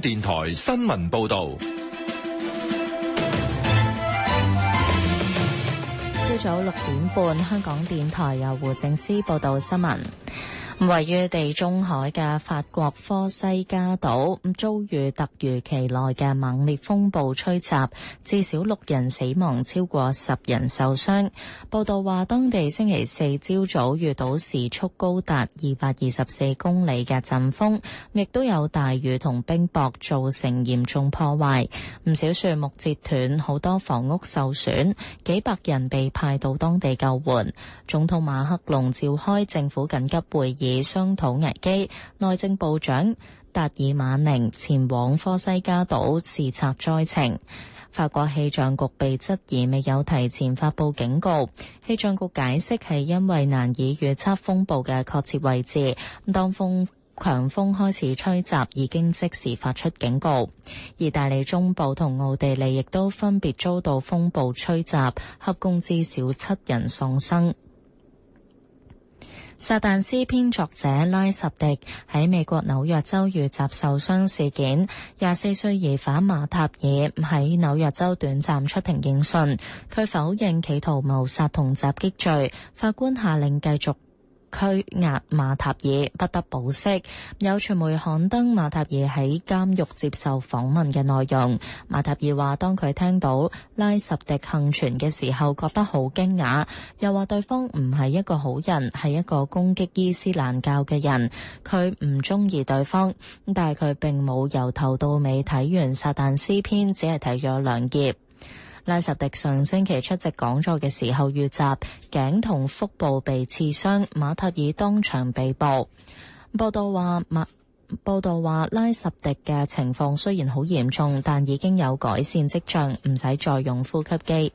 電台新聞報道。朝早六點半，香港電台由胡正思報道新聞。位於地中海嘅法國科西加科西嘉島遭遇突如其來嘅猛烈風暴吹襲，至少六人死亡，超過十人受傷。報道話，當地星期四朝早遇到時速高達二百二十四公里嘅陣風，亦都有大雨同冰雹造成嚴重破壞，唔少樹木折斷，好多房屋受損，幾百人被派到當地救援。總統馬克龍召開政府緊急會議。商討危機，內政部長達爾馬寧前往科西嘉島視察災情。法國氣象局被質疑未有提前發佈警告，氣象局解釋係因為難以預測風暴嘅確切位置。咁當風強風開始吹襲，已經即時發出警告。意大利中部同奧地利亦都分別遭到風暴吹襲，合共至少七人喪生。《撒旦詩篇》作者拉什迪喺美國紐約州遇襲受傷事件，廿四歲疑犯馬塔爾喺紐約州短暫出庭應訊，佢否認企圖謀殺同襲擊罪，法官下令繼續。拘押馬塔爾不得保釋，有傳媒刊登馬塔爾喺監獄接受訪問嘅內容。馬塔爾話，當佢聽到拉什迪幸存嘅時候，覺得好驚訝，又話對方唔係一個好人，係一個攻擊伊斯蘭教嘅人，佢唔中意對方。但係佢並冇由頭到尾睇完《撒旦詩篇》，只係睇咗兩頁。拉什迪上星期出席講座嘅時候遇襲，頸同腹部被刺傷，馬塔爾當場被捕。報道話，馬報道話，拉什迪嘅情況雖然好嚴重，但已經有改善跡象，唔使再用呼吸機。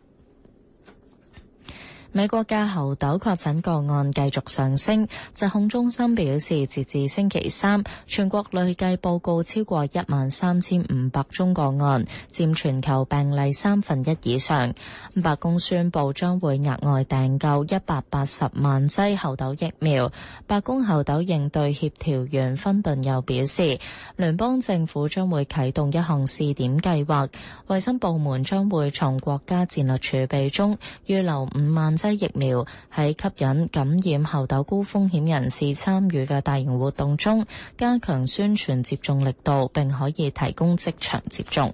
美國嘅猴痘確診個案繼續上升，疾控中心表示，截至星期三，全國累計報告超過一萬三千五百宗個案，佔全球病例三分一以上。白宮宣布將會額外訂購一百八十萬劑猴痘疫苗。白宮猴痘應對協調員芬頓又表示，聯邦政府將會啟動一項試點計劃，衛生部門將會從國家戰略儲備中預留五萬。疫苗喺吸引感染猴痘高風險人士參與嘅大型活動中加強宣傳接種力度，並可以提供即場接種。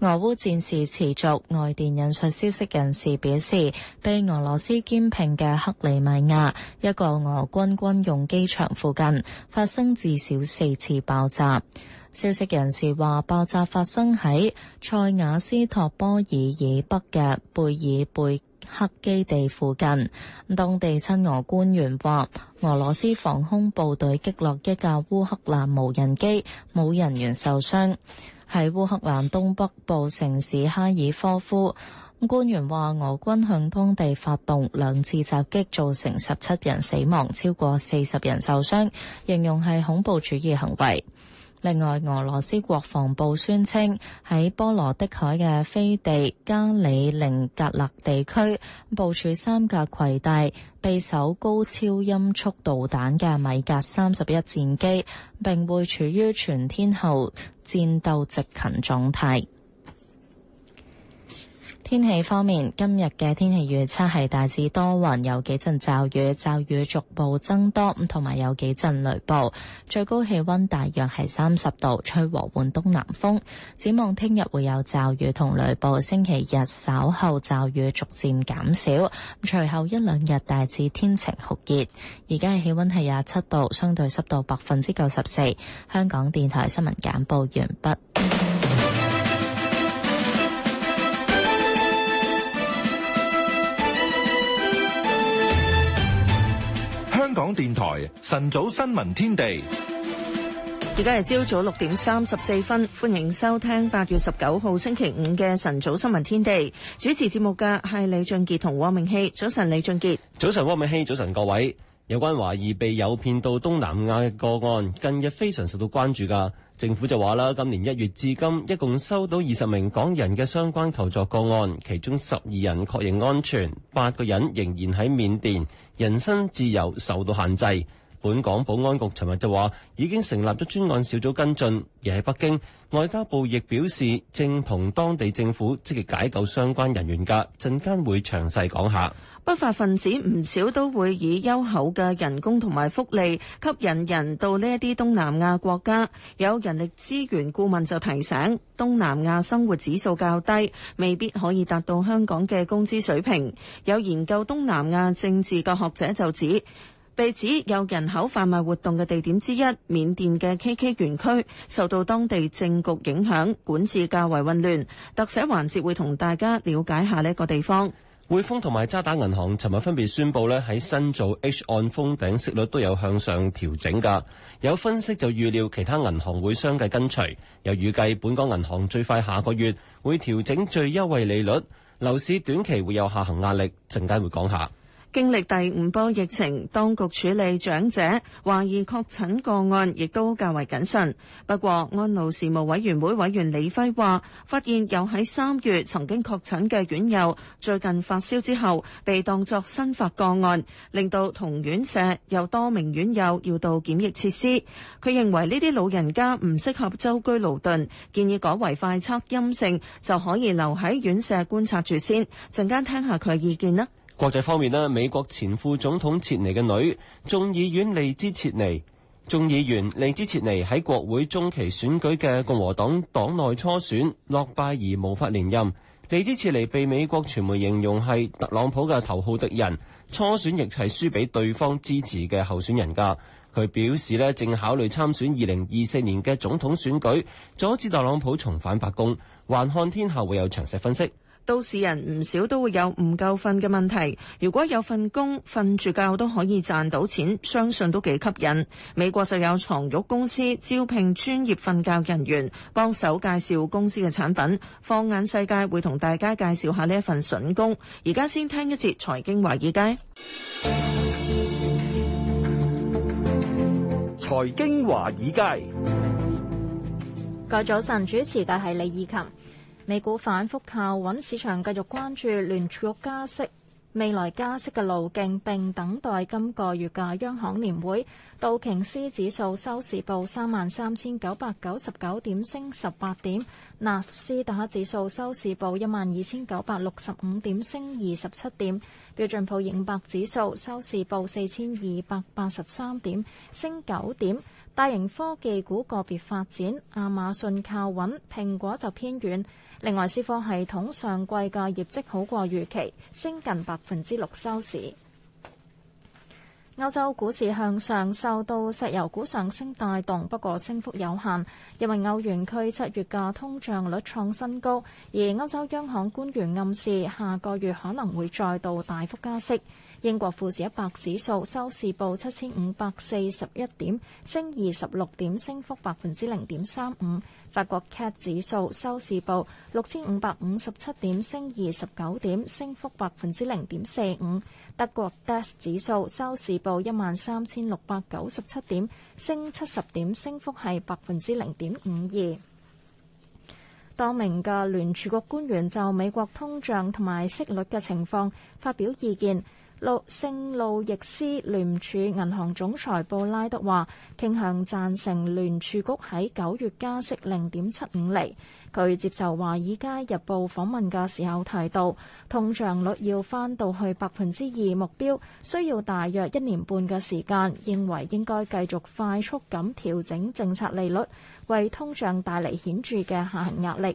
俄烏戰事持續，外電引述消息人士表示，被俄羅斯兼併嘅克里米亞一個俄軍軍用機場附近發生至少四次爆炸。消息人士話，爆炸發生喺塞瓦斯托波爾以北嘅貝爾貝克基地附近。當地親俄官員話，俄羅斯防空部隊擊落一架烏克蘭無人機，冇人員受傷。喺烏克蘭東北部城市哈爾科夫，官員話俄軍向當地發動兩次襲擊，造成十七人死亡，超過四十人受傷，形容係恐怖主義行為。另外，俄羅斯國防部宣稱，喺波羅的海嘅飛地加里寧格勒地區部署三架攜帶匕首高超音速導彈嘅米格三十一戰機，並會處於全天候戰鬥值勤狀態。天氣方面，今日嘅天氣預測係大致多雲，有幾陣驟雨，驟雨逐步增多，同埋有幾陣雷暴，最高氣溫大約係三十度，吹和緩東南風。展望聽日會有驟雨同雷暴，星期日稍後驟雨逐漸減少，隨後一兩日大致天晴酷熱。而家嘅氣溫係廿七度，相對濕度百分之九十四。香港電台新聞簡報完畢。電台晨早新聞天地，而家係朝早六點三十四分，歡迎收聽八月十九號星期五嘅晨早新聞天地。主持節目嘅係李俊杰同汪明熙。早晨，李俊杰。早晨，汪明熙。早晨，各位。有關懷疑被誘騙到東南亞嘅個案，近日非常受到關注噶。政府就話啦，今年一月至今，一共收到二十名港人嘅相關求助個案，其中十二人確認安全，八個人仍然喺緬甸，人身自由受到限制。本港保安局尋日就話，已經成立咗專案小組跟進，而喺北京外交部亦表示，正同當地政府積極解救相關人員㗎，陣間會詳細講下。不法分子唔少都會以優厚嘅人工同埋福利吸引人到呢一啲東南亞國家。有人力資源顧問就提醒，東南亞生活指數較低，未必可以達到香港嘅工資水平。有研究東南亞政治嘅學者就指，被指有人口販賣活動嘅地點之一，緬甸嘅 KK 園區受到當地政局影響，管治較為混亂，特寫環節會同大家了解下呢個地方。匯豐同埋渣打銀行尋日分別宣布咧喺新造 H 按封頂息率都有向上調整噶，有分析就預料其他銀行會相繼跟隨，又預計本港銀行最快下個月會調整最優惠利率，樓市短期會有下行壓力，陣間會講下。經歷第五波疫情，當局處理長者懷疑確診個案，亦都較為謹慎。不過，安老事務委員會委員李輝話，發現有喺三月曾經確診嘅院友，最近發燒之後被當作新發個案，令到同院舍有多名院友要到檢疫設施。佢認為呢啲老人家唔適合舟車勞頓，建議改為快測陰性就可以留喺院舍觀察住先。陣間聽下佢意見啦。國際方面咧，美國前副總統切尼嘅女，眾議員利茲切尼，眾議員利茲切尼喺國會中期選舉嘅共和黨黨內初選落敗而無法連任。利茲切尼被美國傳媒形容係特朗普嘅頭號敵人，初選亦係輸俾對方支持嘅候選人噶。佢表示呢正考慮參選二零二四年嘅總統選舉，阻止特朗普重返白宮。還看天下會有詳細分析。都市人唔少都會有唔夠瞓嘅問題。如果有份工瞓住覺都可以賺到錢，相信都幾吸引。美國就有床褥公司招聘專業瞓覺人員，幫手介紹公司嘅產品。放眼世界，會同大家介紹下呢一份筍工。而家先聽一節財經華爾街。財經華爾街。個早晨主持嘅係李義琴。美股反覆靠穩，市場繼續關注聯儲加息未來加息嘅路徑，並等待今個月嘅央行年會。道瓊斯指數收市報三萬三千九百九十九點，升十八點；納斯達克指數收市報一萬二千九百六十五點，升二十七點；標準普爾五百指數收市報四千二百八十三點，升九點。大型科技股個別發展，亞馬遜靠穩，蘋果就偏軟。另外，思科系統上季嘅業績好過預期，升近百分之六收市。歐洲股市向上，受到石油股上升帶動，不過升幅有限，因為歐元區七月嘅通脹率創新高，而歐洲央行官員暗示下個月可能會再度大幅加息。英國富時一百指數收市報七千五百四十一點，升二十六點，升幅百分之零點三五。法國 CAC 指數收市報六千五百五十七點，升二十九點，升幅百分之零點四五。德國 DAX 指數收市報一萬三千六百九十七點，升七十點，升幅係百分之零點五二。多名嘅聯儲局官員就美國通脹同埋息率嘅情況發表意見。聖路易斯聯儲銀行總裁布拉德話：傾向贊成聯儲局喺九月加息零點七五厘。佢接受《華爾街日報》訪問嘅時候提到，通脹率要翻到去百分之二目標，需要大約一年半嘅時間。認為應該繼續快速咁調整政策利率，為通脹帶嚟顯著嘅下行壓力。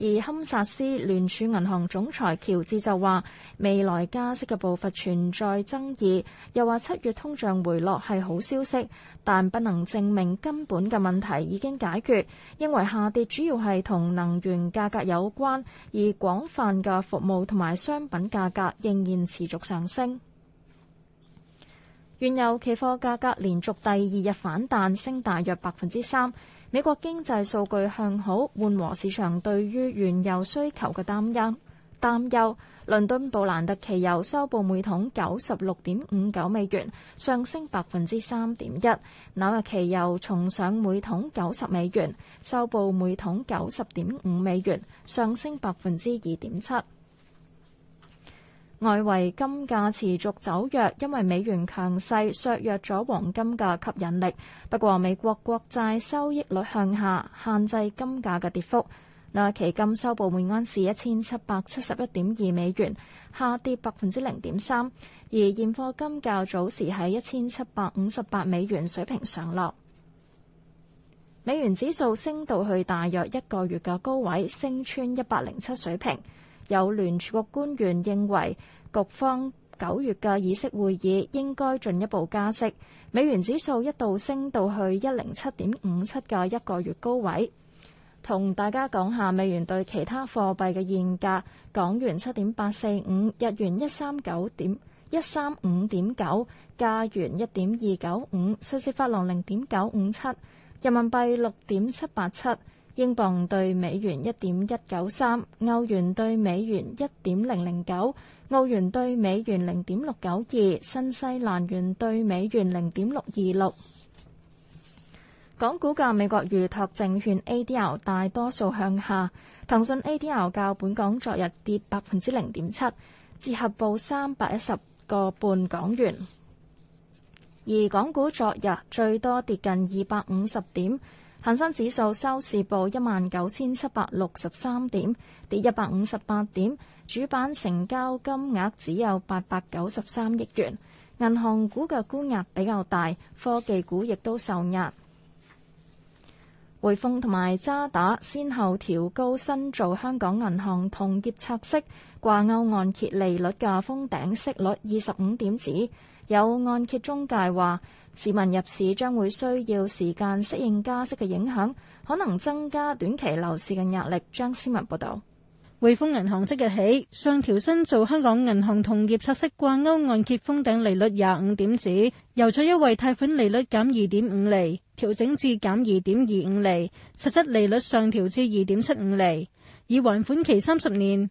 而堪薩斯聯儲銀行總裁喬治就話：未來加息嘅步伐存在爭議，又話七月通脹回落係好消息，但不能證明根本嘅問題已經解決。認為下跌主要係同能源價格有關，而廣泛嘅服務同埋商品價格仍然持續上升。原油期貨價格連續第二日反彈，升大約百分之三。美國經濟數據向好，緩和市場對於原油需求嘅擔憂。擔憂，倫敦布蘭特期油收報每桶九十六點五九美元，上升百分之三點一。紐約期油重上每桶九十美元，收報每桶九十點五美元，上升百分之二點七。外圍金價持續走弱，因為美元強勢削弱咗黃金嘅吸引力。不過美國國債收益率向下，限制金價嘅跌幅。那期金收報每盎司一千七百七十一點二美元，下跌百分之零點三。而現貨金較早時喺一千七百五十八美元水平上落。美元指數升到去大約一個月嘅高位，升穿一百零七水平。有聯儲局官員認為，局方九月嘅議息會議應該進一步加息。美元指數一度升到去一零七點五七嘅一個月高位。同大家講下美元對其他貨幣嘅現價：港元七點八四五，日元一三九點，一三五點九，加元一點二九五，瑞士法郎零點九五七，人民幣六點七八七。英鎊對美元一點一九三，歐元對美元一點零零九，澳元對美元零點六九二，新西蘭元對美元零點六二六。港股嘅美國預託證券 A.D.R. 大多數向下，騰訊 A.D.R. 較本港昨日跌百分之零點七，折合報三百一十個半港元。而港股昨日最多跌近二百五十點。恒生指數收市報一萬九千七百六十三點，跌一百五十八點。主板成交金額只有八百九十三億元。銀行股嘅沽壓比較大，科技股亦都受壓。匯豐同埋渣打先後調高新造香港銀行同業拆息掛勾按揭利率嘅封頂息率二十五點子。有按揭中介話。市民入市將會需要時間適應加息嘅影響，可能增加短期樓市嘅壓力。張思文報道，匯豐銀行即日起上調新做香港銀行同業拆息掛勾按揭封頂利率廿五點子，由最優惠貸款利率減二點五厘，調整至減二點二五厘，實質利率上調至二點七五厘，以還款期三十年。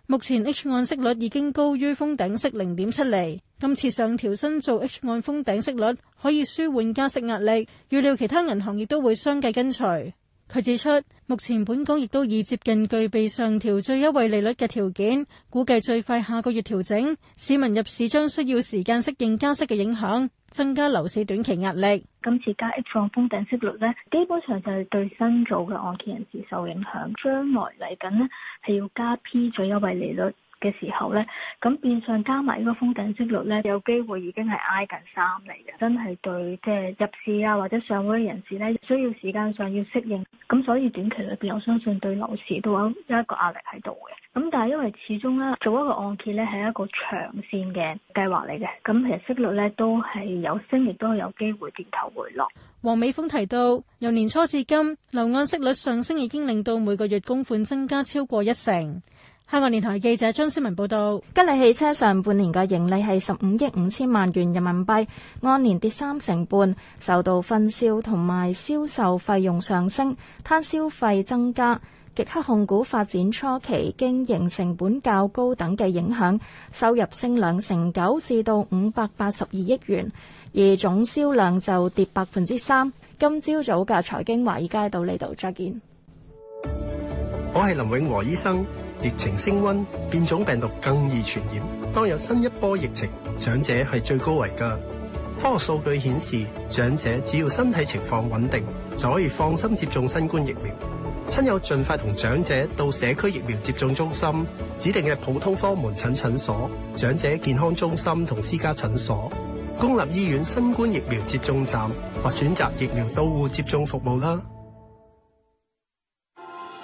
目前 H 按息率已經高於封頂息零點七釐，今次上調新造 H 按封頂息率可以舒緩加息壓力，預料其他銀行亦都會相繼跟隨。佢指出，目前本港亦都已接近具備上調最優惠利率嘅條件，估計最快下個月調整，市民入市將需要時間適應加息嘅影響。增加樓市短期壓力。今次加息放風頂息率咧，基本上就係對新造嘅按揭人士受影響，將來嚟緊咧，係要加 P 最優惠利率，嘅時候咧，咁變相加埋呢個封頂息率咧，有機會已經係挨近三嚟嘅，真係對即係、就是、入市啊或者上位人士咧，需要時間上要適應。咁所以短期裏邊，我相信對樓市都有一個壓力喺度嘅。咁但係因為始終咧，做一個按揭咧係一個長線嘅計劃嚟嘅，咁其實息率咧都係有升，亦都有機會調頭回落。黃美峰提到，由年初至今，樓按息率上升已經令到每個月供款增加超過一成。香港電台記者張思文報道：吉利汽車上半年嘅盈利係十五億五千萬元人民幣，按年跌三成半，受到分銷同埋銷售費用上升、攤銷費增加、極氪控股發展初期經營成本較高等嘅影響，收入升兩成九，至到五百八十二億元，而總銷量就跌百分之三。今朝早嘅財經華爾街到呢度再見，我係林永和醫生。疫情升溫，變種病毒更易傳染。當有新一波疫情，長者係最高危噶。科學數據顯示，長者只要身體情況穩定，就可以放心接種新冠疫苗。親友盡快同長者到社區疫苗接種中心、指定嘅普通科門診診所、長者健康中心同私家診所、公立醫院新冠疫苗接種站或選擇疫苗到戶接種服務啦。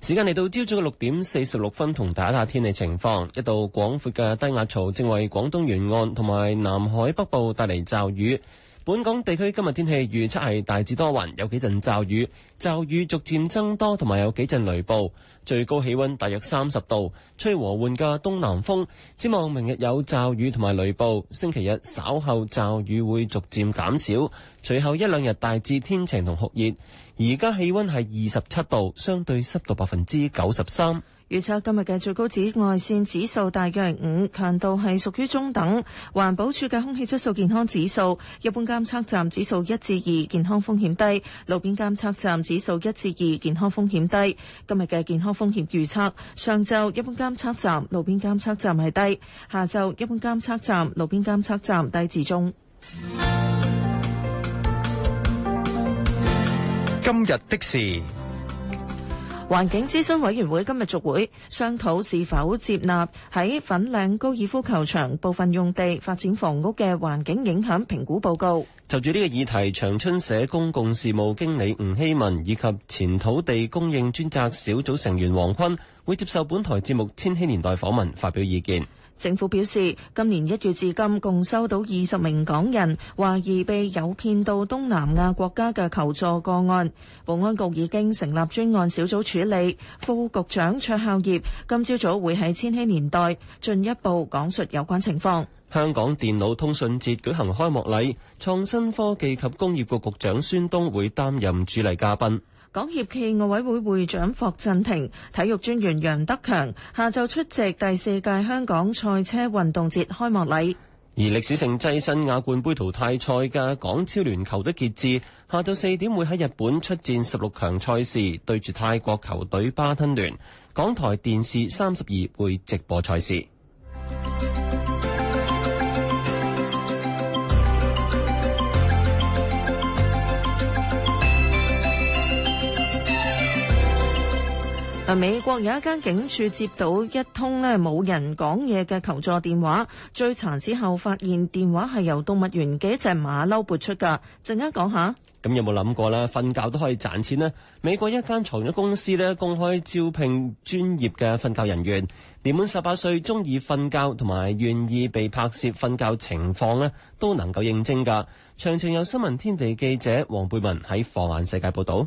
時間嚟到朝早嘅六點四十六分，同大家睇下天氣情況。一道廣闊嘅低壓槽正為廣東沿岸同埋南海北部帶嚟驟雨。本港地區今日天氣預測係大致多雲，有幾陣驟雨，驟雨逐漸增多，同埋有幾陣雷暴。最高氣溫大約三十度，吹和緩嘅東南風。展望明日有驟雨同埋雷暴，星期日稍後驟雨會逐漸減少，隨後一兩日大致天晴同酷熱。而家氣溫係二十七度，相對濕度百分之九十三。預測今日嘅最高紫外線指數大約係五，強度係屬於中等。環保署嘅空氣質素健康指數，一般監測站指數一至二，2, 健康風險低；路邊監測站指數一至二，2, 健康風險低。今日嘅健康風險預測：上晝一般監測站、路邊監測站係低；下晝一般監測站、路邊監測站低至中。今日的事，環境諮詢委員會今日續會商討是否接納喺粉嶺高爾夫球場部分用地發展房屋嘅環境影響評估報告。就住呢個議題，長春社公共事務經理吳希文以及前土地供應專責小組成員黃坤會接受本台節目《千禧年代》訪問，發表意見。政府表示，今年一月至今共收到二十名港人懷疑被誘騙到東南亞國家嘅求助個案。保安局已經成立專案小組處理。副局長卓孝業今朝早會喺千禧年代進一步講述有關情況。香港電腦通訊節舉行開幕禮，創新科技及工業局局長孫東會擔任主禮嘉賓。港協暨奧委會會長霍震霆、體育專員楊德強下晝出席第四屆香港賽車運動節開幕禮，而歷史性躋身亞冠盃淘汰賽嘅港超聯球隊傑志，下晝四點會喺日本出戰十六強賽事，對住泰國球隊巴吞聯。港台電視三十二會直播賽事。啊、美國有一間警署，接到一通咧冇人講嘢嘅求助電話，追查之後發現電話係由動物園嘅一隻馬騮撥出噶陣間講下，咁有冇諗過啦？瞓覺都可以賺錢呢。美國一間床褥公司咧公開招聘專業嘅瞓覺人員，年滿十八歲、中意瞓覺同埋願意被拍攝瞓覺情況呢都能夠應徵噶詳情有新聞天地記者黃貝文喺放眼世界報道。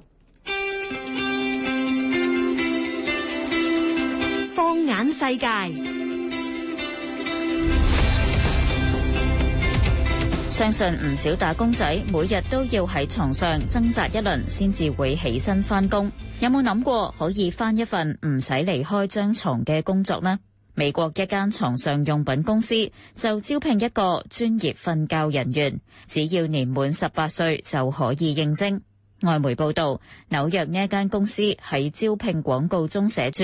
眼世界，相信唔少打工仔每日都要喺床上掙扎一輪，先至會起身翻工。有冇諗過可以翻一份唔使離開張床嘅工作呢？美國一間床上用品公司就招聘一個專業瞓覺人員，只要年滿十八歲就可以應徵。外媒報道，紐約呢一間公司喺招聘廣告中寫住。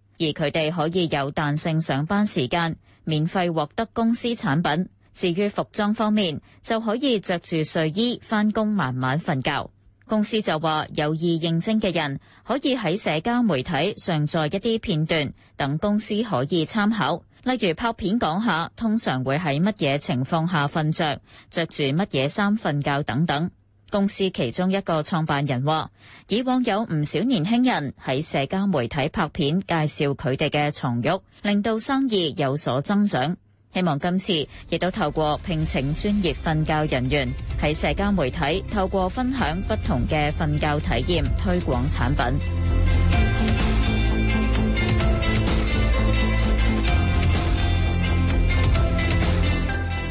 而佢哋可以有彈性上班時間，免費獲得公司產品。至於服裝方面，就可以着住睡衣返工，慢慢瞓覺。公司就話有意應徵嘅人可以喺社交媒體上載一啲片段，等公司可以參考，例如拍片講下通常會喺乜嘢情況下瞓着，着住乜嘢衫瞓覺等等。公司其中一個創辦人話，以往有唔少年輕人喺社交媒體拍片介紹佢哋嘅床褥，令到生意有所增長。希望今次亦都透過聘請專業瞓覺人員喺社交媒體，透過分享不同嘅瞓覺體驗推廣產品。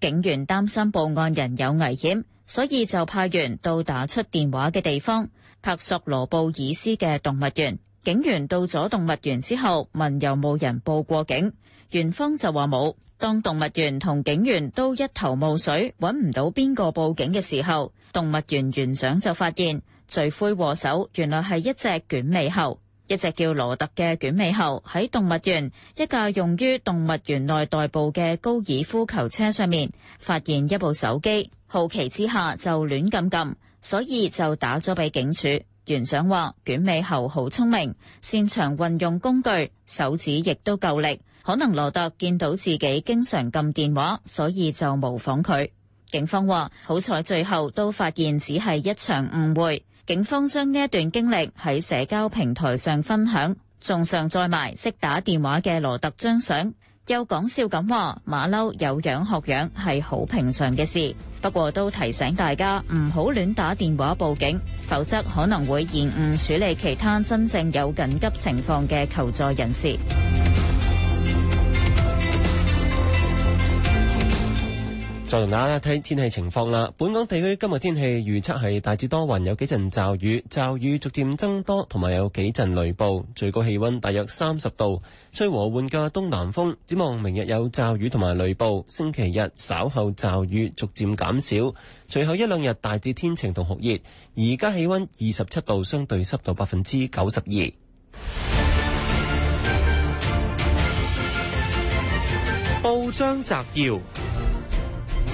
警員擔心報案人有危險，所以就派員到打出電話嘅地方，拍索羅布爾斯嘅動物園。警員到咗動物園之後，問有冇人報過警，園方就話冇。當動物園同警員都一頭霧水，揾唔到邊個報警嘅時候，動物園園長就發現罪魁禍首原來係一隻捲尾猴。一隻叫羅特嘅捲尾猴喺動物園一架用於動物園內代步嘅高爾夫球車上面發現一部手機，好奇之下就亂撳撳，所以就打咗俾警署。園長話：捲尾猴好聰明，擅長運用工具，手指亦都夠力。可能羅特見到自己經常撳電話，所以就模仿佢。警方話：好彩最後都發現只係一場誤會。警方將呢一段經歷喺社交平台上分享，仲上載埋識打電話嘅羅特張相，又講笑咁話馬騮有樣學樣係好平常嘅事，不過都提醒大家唔好亂打電話報警，否則可能會延誤處理其他真正有緊急情況嘅求助人士。再同大家睇天氣情況啦。本港地區今日天氣預測係大致多雲，有幾陣驟雨，驟雨逐漸增多，同埋有幾陣雷暴。最高氣溫大約三十度，吹和緩嘅東南風。展望明日有驟雨同埋雷暴，星期日稍後驟雨逐漸減少，隨後一兩日大致天晴同酷熱。而家氣溫二十七度，相對濕度百分之九十二。報章摘要。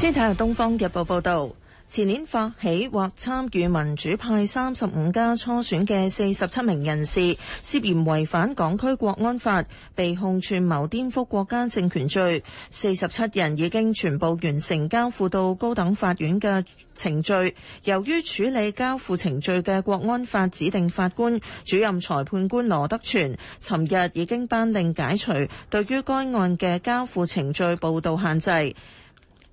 先睇下《東方日報》報道，前年發起或參與民主派三十五家初選嘅四十七名人士涉嫌違反港區國安法，被控串謀顛覆國家政權罪。四十七人已經全部完成交付到高等法院嘅程序。由於處理交付程序嘅國安法指定法官主任裁判官羅德全，尋日已經頒令解除對於該案嘅交付程序報道限制。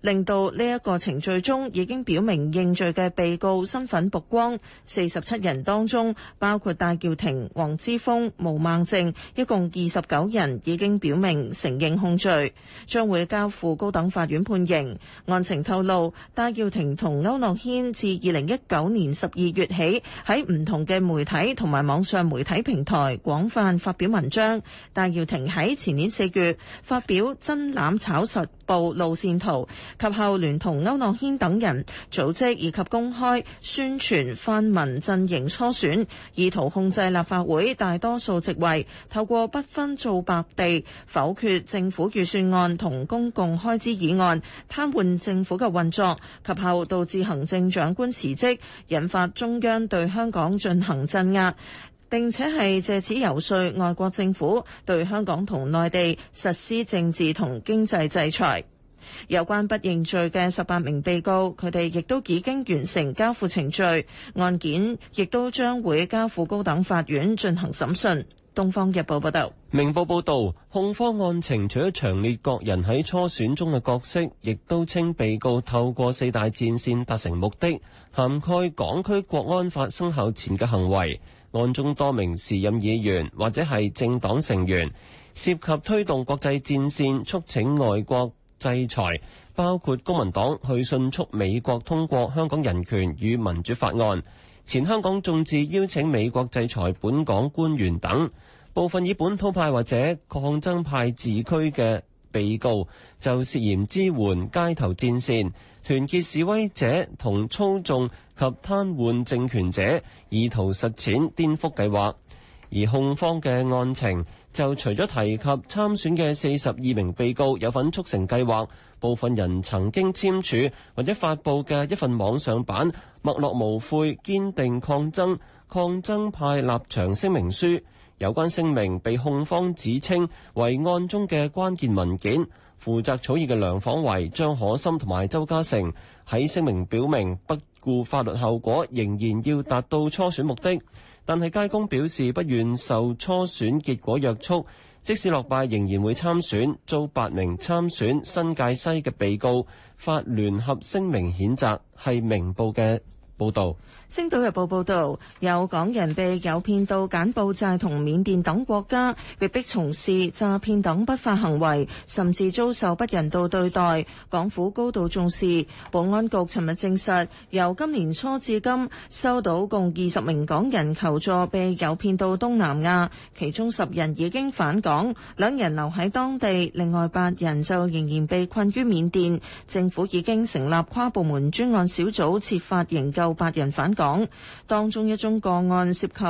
令到呢一個程序中已經表明認罪嘅被告身份曝光，四十七人當中包括戴耀廷、黃之鋒、毛孟靜，一共二十九人已經表明承認控罪，將會交付高等法院判刑。案情透露，戴耀廷同區諾軒自二零一九年十二月起喺唔同嘅媒體同埋網上媒體平台廣泛發表文章。戴耀廷喺前年四月發表《真攬炒十步路線圖》。及後聯同區諾軒等人組織以及公開宣傳泛民陣營初選，意圖控制立法會大多數席位，透過不分皂白地否決政府預算案同公共開支議案，癱瘓政府嘅運作，及後導致行政長官辭職，引發中央對香港進行鎮壓，並且係藉此游說外國政府對香港同內地實施政治同經濟制裁。有關不認罪嘅十八名被告，佢哋亦都已經完成交付程序，案件亦都將會交付高等法院進行審訊。《東方日報》報道，《明報》報道，控方案情除咗詳列各人喺初選中嘅角色，亦都稱被告透過四大戰線達成目的，涵蓋港區國安法生效前嘅行為。案中多名時任議員或者係政黨成員涉及推動國際戰線，促請外國。制裁，包括公民黨去迅速美國通過，香港人權與民主法案，前香港眾志邀請美國制裁本港官員等。部分以本土派或者抗爭派自居嘅被告，就涉嫌支援街頭戰線、團結示威者同操縱及癱瘓政權者，意圖實踐顛覆計劃，而控方嘅案情，就除咗提及參選嘅四十二名被告有份促成計劃，部分人曾經簽署或者發布嘅一份網上版《墨落無悔堅定抗爭抗爭派立場聲明書》，有關聲明被控方指稱為案中嘅關鍵文件。負責草擬嘅梁晃維、張可森同埋鄒家成喺聲明表明，不顧法律後果，仍然要達到初選目的。但係，街工表示不願受初選結果約束，即使落敗仍然會參選。遭八名參選新界西嘅被告發聯合聲明譴責，係明報嘅報導。《星島日報》報導，有港人被誘騙到柬埔寨同緬甸等國家，被迫從事詐騙等不法行為，甚至遭受不人道對待。港府高度重視，保安局尋日證實，由今年初至今收到共二十名港人求助，被誘騙到東南亞，其中十人已經返港，兩人留喺當地，另外八人就仍然被困於緬甸。政府已經成立跨部門專案小組，設法營救八人返港。港當中一宗個案涉及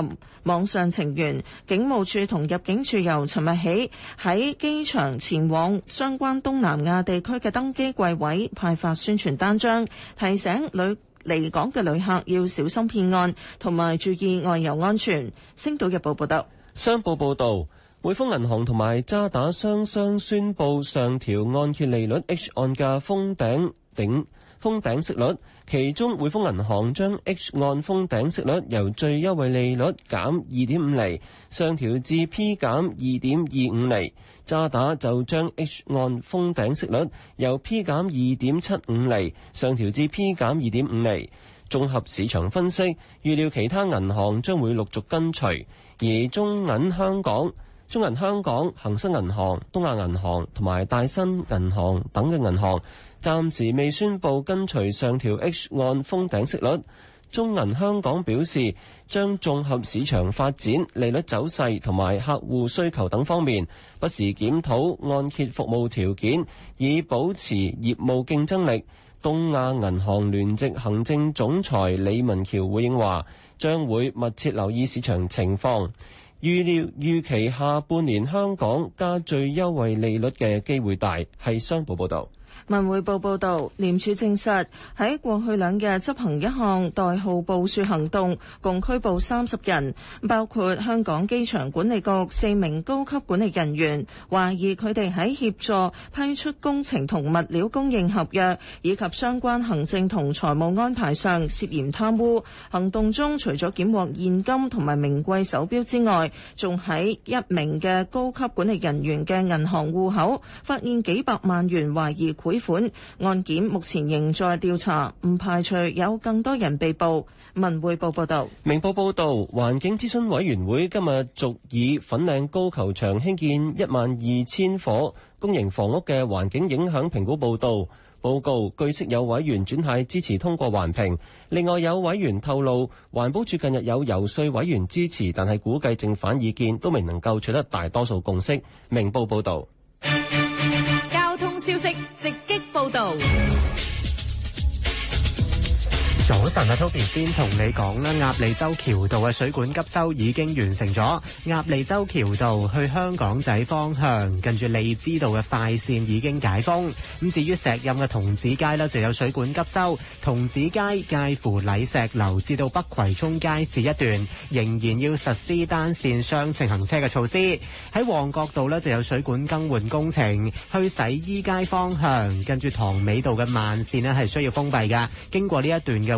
網上情緣，警務處同入境處由尋日起喺機場前往相關東南亞地區嘅登機櫃位派發宣傳單張，提醒旅離港嘅旅客要小心騙案，同埋注意外遊安全。星島日報報道，商報報道，匯豐銀行同埋渣打雙雙宣布上調按揭利率 H 按嘅封頂頂頂封頂息率，其中匯豐銀行將 H 按封頂息率由最優惠利率減2.5厘，上調至 P 減2.25厘。渣打就將 H 按封頂息率由 P 減2.75厘，上調至 P 減2.5厘。綜合市場分析，預料其他銀行將會陸續跟隨，而中銀香港、中銀香港、恒生銀行、東亞銀行同埋大新銀行等嘅銀行，暫時未宣佈跟隨上調 H 按封頂息率。中銀香港表示，將綜合市場發展、利率走勢同埋客戶需求等方面，不時檢討按揭服務條件，以保持業務競爭力。東亞銀行聯席行政總裁李文橋回應話，將會密切留意市場情況，預料預期下半年香港加最優惠利率嘅機會大。係商報報導。文匯報報道，廉署證實喺過去兩日執行一項代號部署行動，共拘捕三十人，包括香港機場管理局四名高級管理人員，懷疑佢哋喺協助批出工程同物料供應合約以及相關行政同財務安排上涉嫌貪污。行動中，除咗檢獲現金同埋名貴手錶之外，仲喺一名嘅高級管理人員嘅銀行戶口發現幾百萬元，懷疑賄賂。款案件目前仍在調查，唔排除有更多人被捕。文匯報報道。明報報道，環境諮詢委員會今日續議粉嶺高球場興建一萬二千伙公營房屋嘅環境影響評估報道。報告據悉有委員轉軚支持通過環評，另外有委員透露，環保署近日有游說委員支持，但係估計正反意見都未能夠取得大多數共識。明報報道。消息直擊報導。早晨啊，Toby 先同你講啦，鴨脷洲橋道嘅水管急修已經完成咗，鴨脷洲橋道去香港仔方向，跟住荔枝道嘅快綫已經解封。咁至於石蔭嘅童子街咧，就有水管急修，童子街介乎禮石樓至到北葵涌街市一段，仍然要實施單綫雙程行車嘅措施。喺旺角道咧就有水管更換工程，去洗衣街方向，跟住塘尾道嘅慢綫咧係需要封閉嘅，經過呢一段嘅。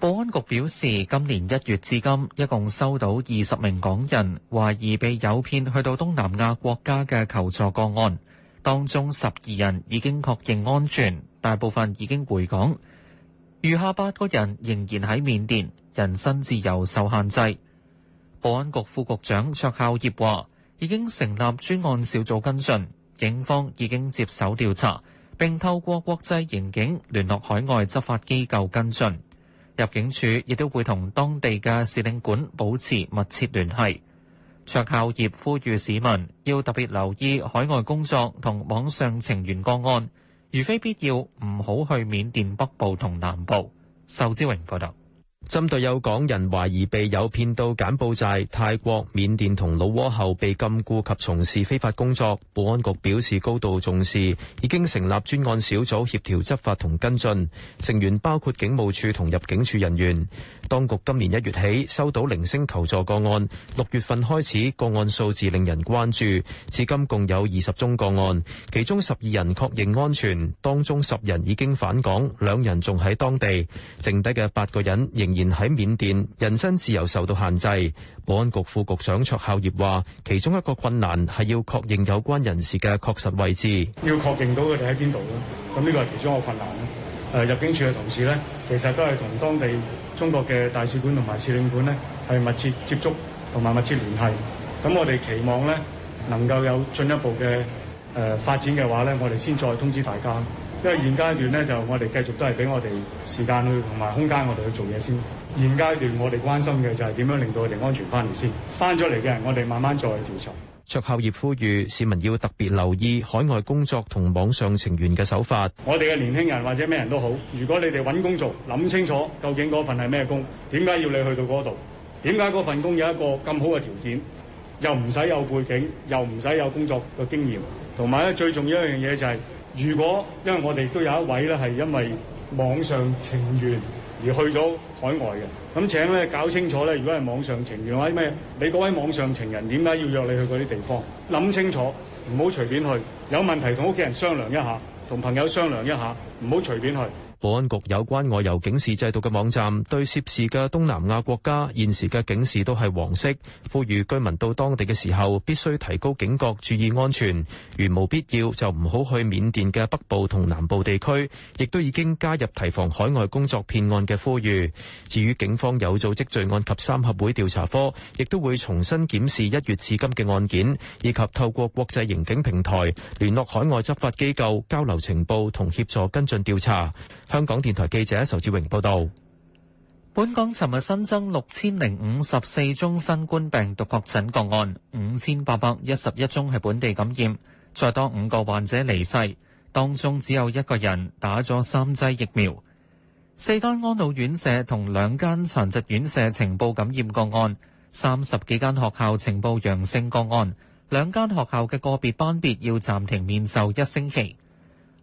保安局表示，今年一月至今，一共收到二十名港人懷疑被誘騙去到東南亞國家嘅求助個案，當中十二人已經確認安全，大部分已經回港，餘下八個人仍然喺緬甸，人身自由受限制。保安局副局長卓孝業話，已經成立專案小組跟進，警方已經接手調查，並透過國際刑警聯絡海外執法機構跟進。入境處亦都會同當地嘅使領館保持密切聯繫。卓孝業呼籲市民要特別留意海外工作同網上情緣個案，如非必要，唔好去緬甸北部同南部。仇之榮報道。針對有港人懷疑被誘騙到柬埔寨、泰國、緬甸同老撾後被禁錮及從事非法工作，保安局表示高度重視，已經成立專案小組協調執法同跟進，成員包括警務處同入境處人員。當局今年一月起收到零星求助個案，六月份開始個案數字令人關注，至今共有二十宗個案，其中十二人確認安全，當中十人已經返港，兩人仲喺當地，剩低嘅八個人仍仍然喺緬甸，人身自由受到限制。保安局副局長卓孝業話其中一個困難係要確認有關人士嘅確實位置，要確認到佢哋喺邊度咯。咁呢個係其中一個困難咯、呃。入境處嘅同事咧，其實都係同當地中國嘅大使館同埋使領館咧係密切接觸同埋密切聯繫，咁我哋期望咧能夠有進一步嘅誒、呃、發展嘅話咧，我哋先再通知大家。因為現階段咧，就我哋繼續都係俾我哋時間去同埋空間，我哋去做嘢先。現階段我哋關心嘅就係點樣令到佢哋安全翻嚟先。翻咗嚟嘅人，我哋慢慢再去調查。卓孝業呼籲市民要特別留意海外工作同網上情緣嘅手法。我哋嘅年輕人或者咩人都好，如果你哋揾工做，諗清楚究竟嗰份係咩工，點解要你去到嗰度？點解嗰份工有一個咁好嘅條件，又唔使有背景，又唔使有工作嘅經驗，同埋咧最重要一樣嘢就係。如果因為我哋都有一位呢，係因為網上情緣而去咗海外嘅，咁請呢搞清楚呢，如果係網上情緣或者咩？你嗰位網上情人點解要約你去嗰啲地方？諗清楚，唔好隨便去，有問題同屋企人商量一下，同朋友商量一下，唔好隨便去。保安局有關外游警示制度嘅網站，對涉事嘅東南亞國家現時嘅警示都係黃色，呼籲居民到當地嘅時候必須提高警覺，注意安全。如無必要，就唔好去緬甸嘅北部同南部地區。亦都已經加入提防海外工作騙案嘅呼籲。至於警方有組織罪案及三合會調查科，亦都會重新檢視一月至今嘅案件，以及透過國際刑警平台聯絡海外執法機構，交流情報同協助跟進調查。香港電台記者仇志榮報道，本港尋日新增六千零五十四宗新冠病毒確診個案，五千八百一十一宗係本地感染，再多五個患者離世，當中只有一個人打咗三劑疫苗，四間安老院舍同兩間殘疾院舍情報感染個案，三十幾間學校情報陽性個案，兩間學校嘅個別班別要暫停面授一星期。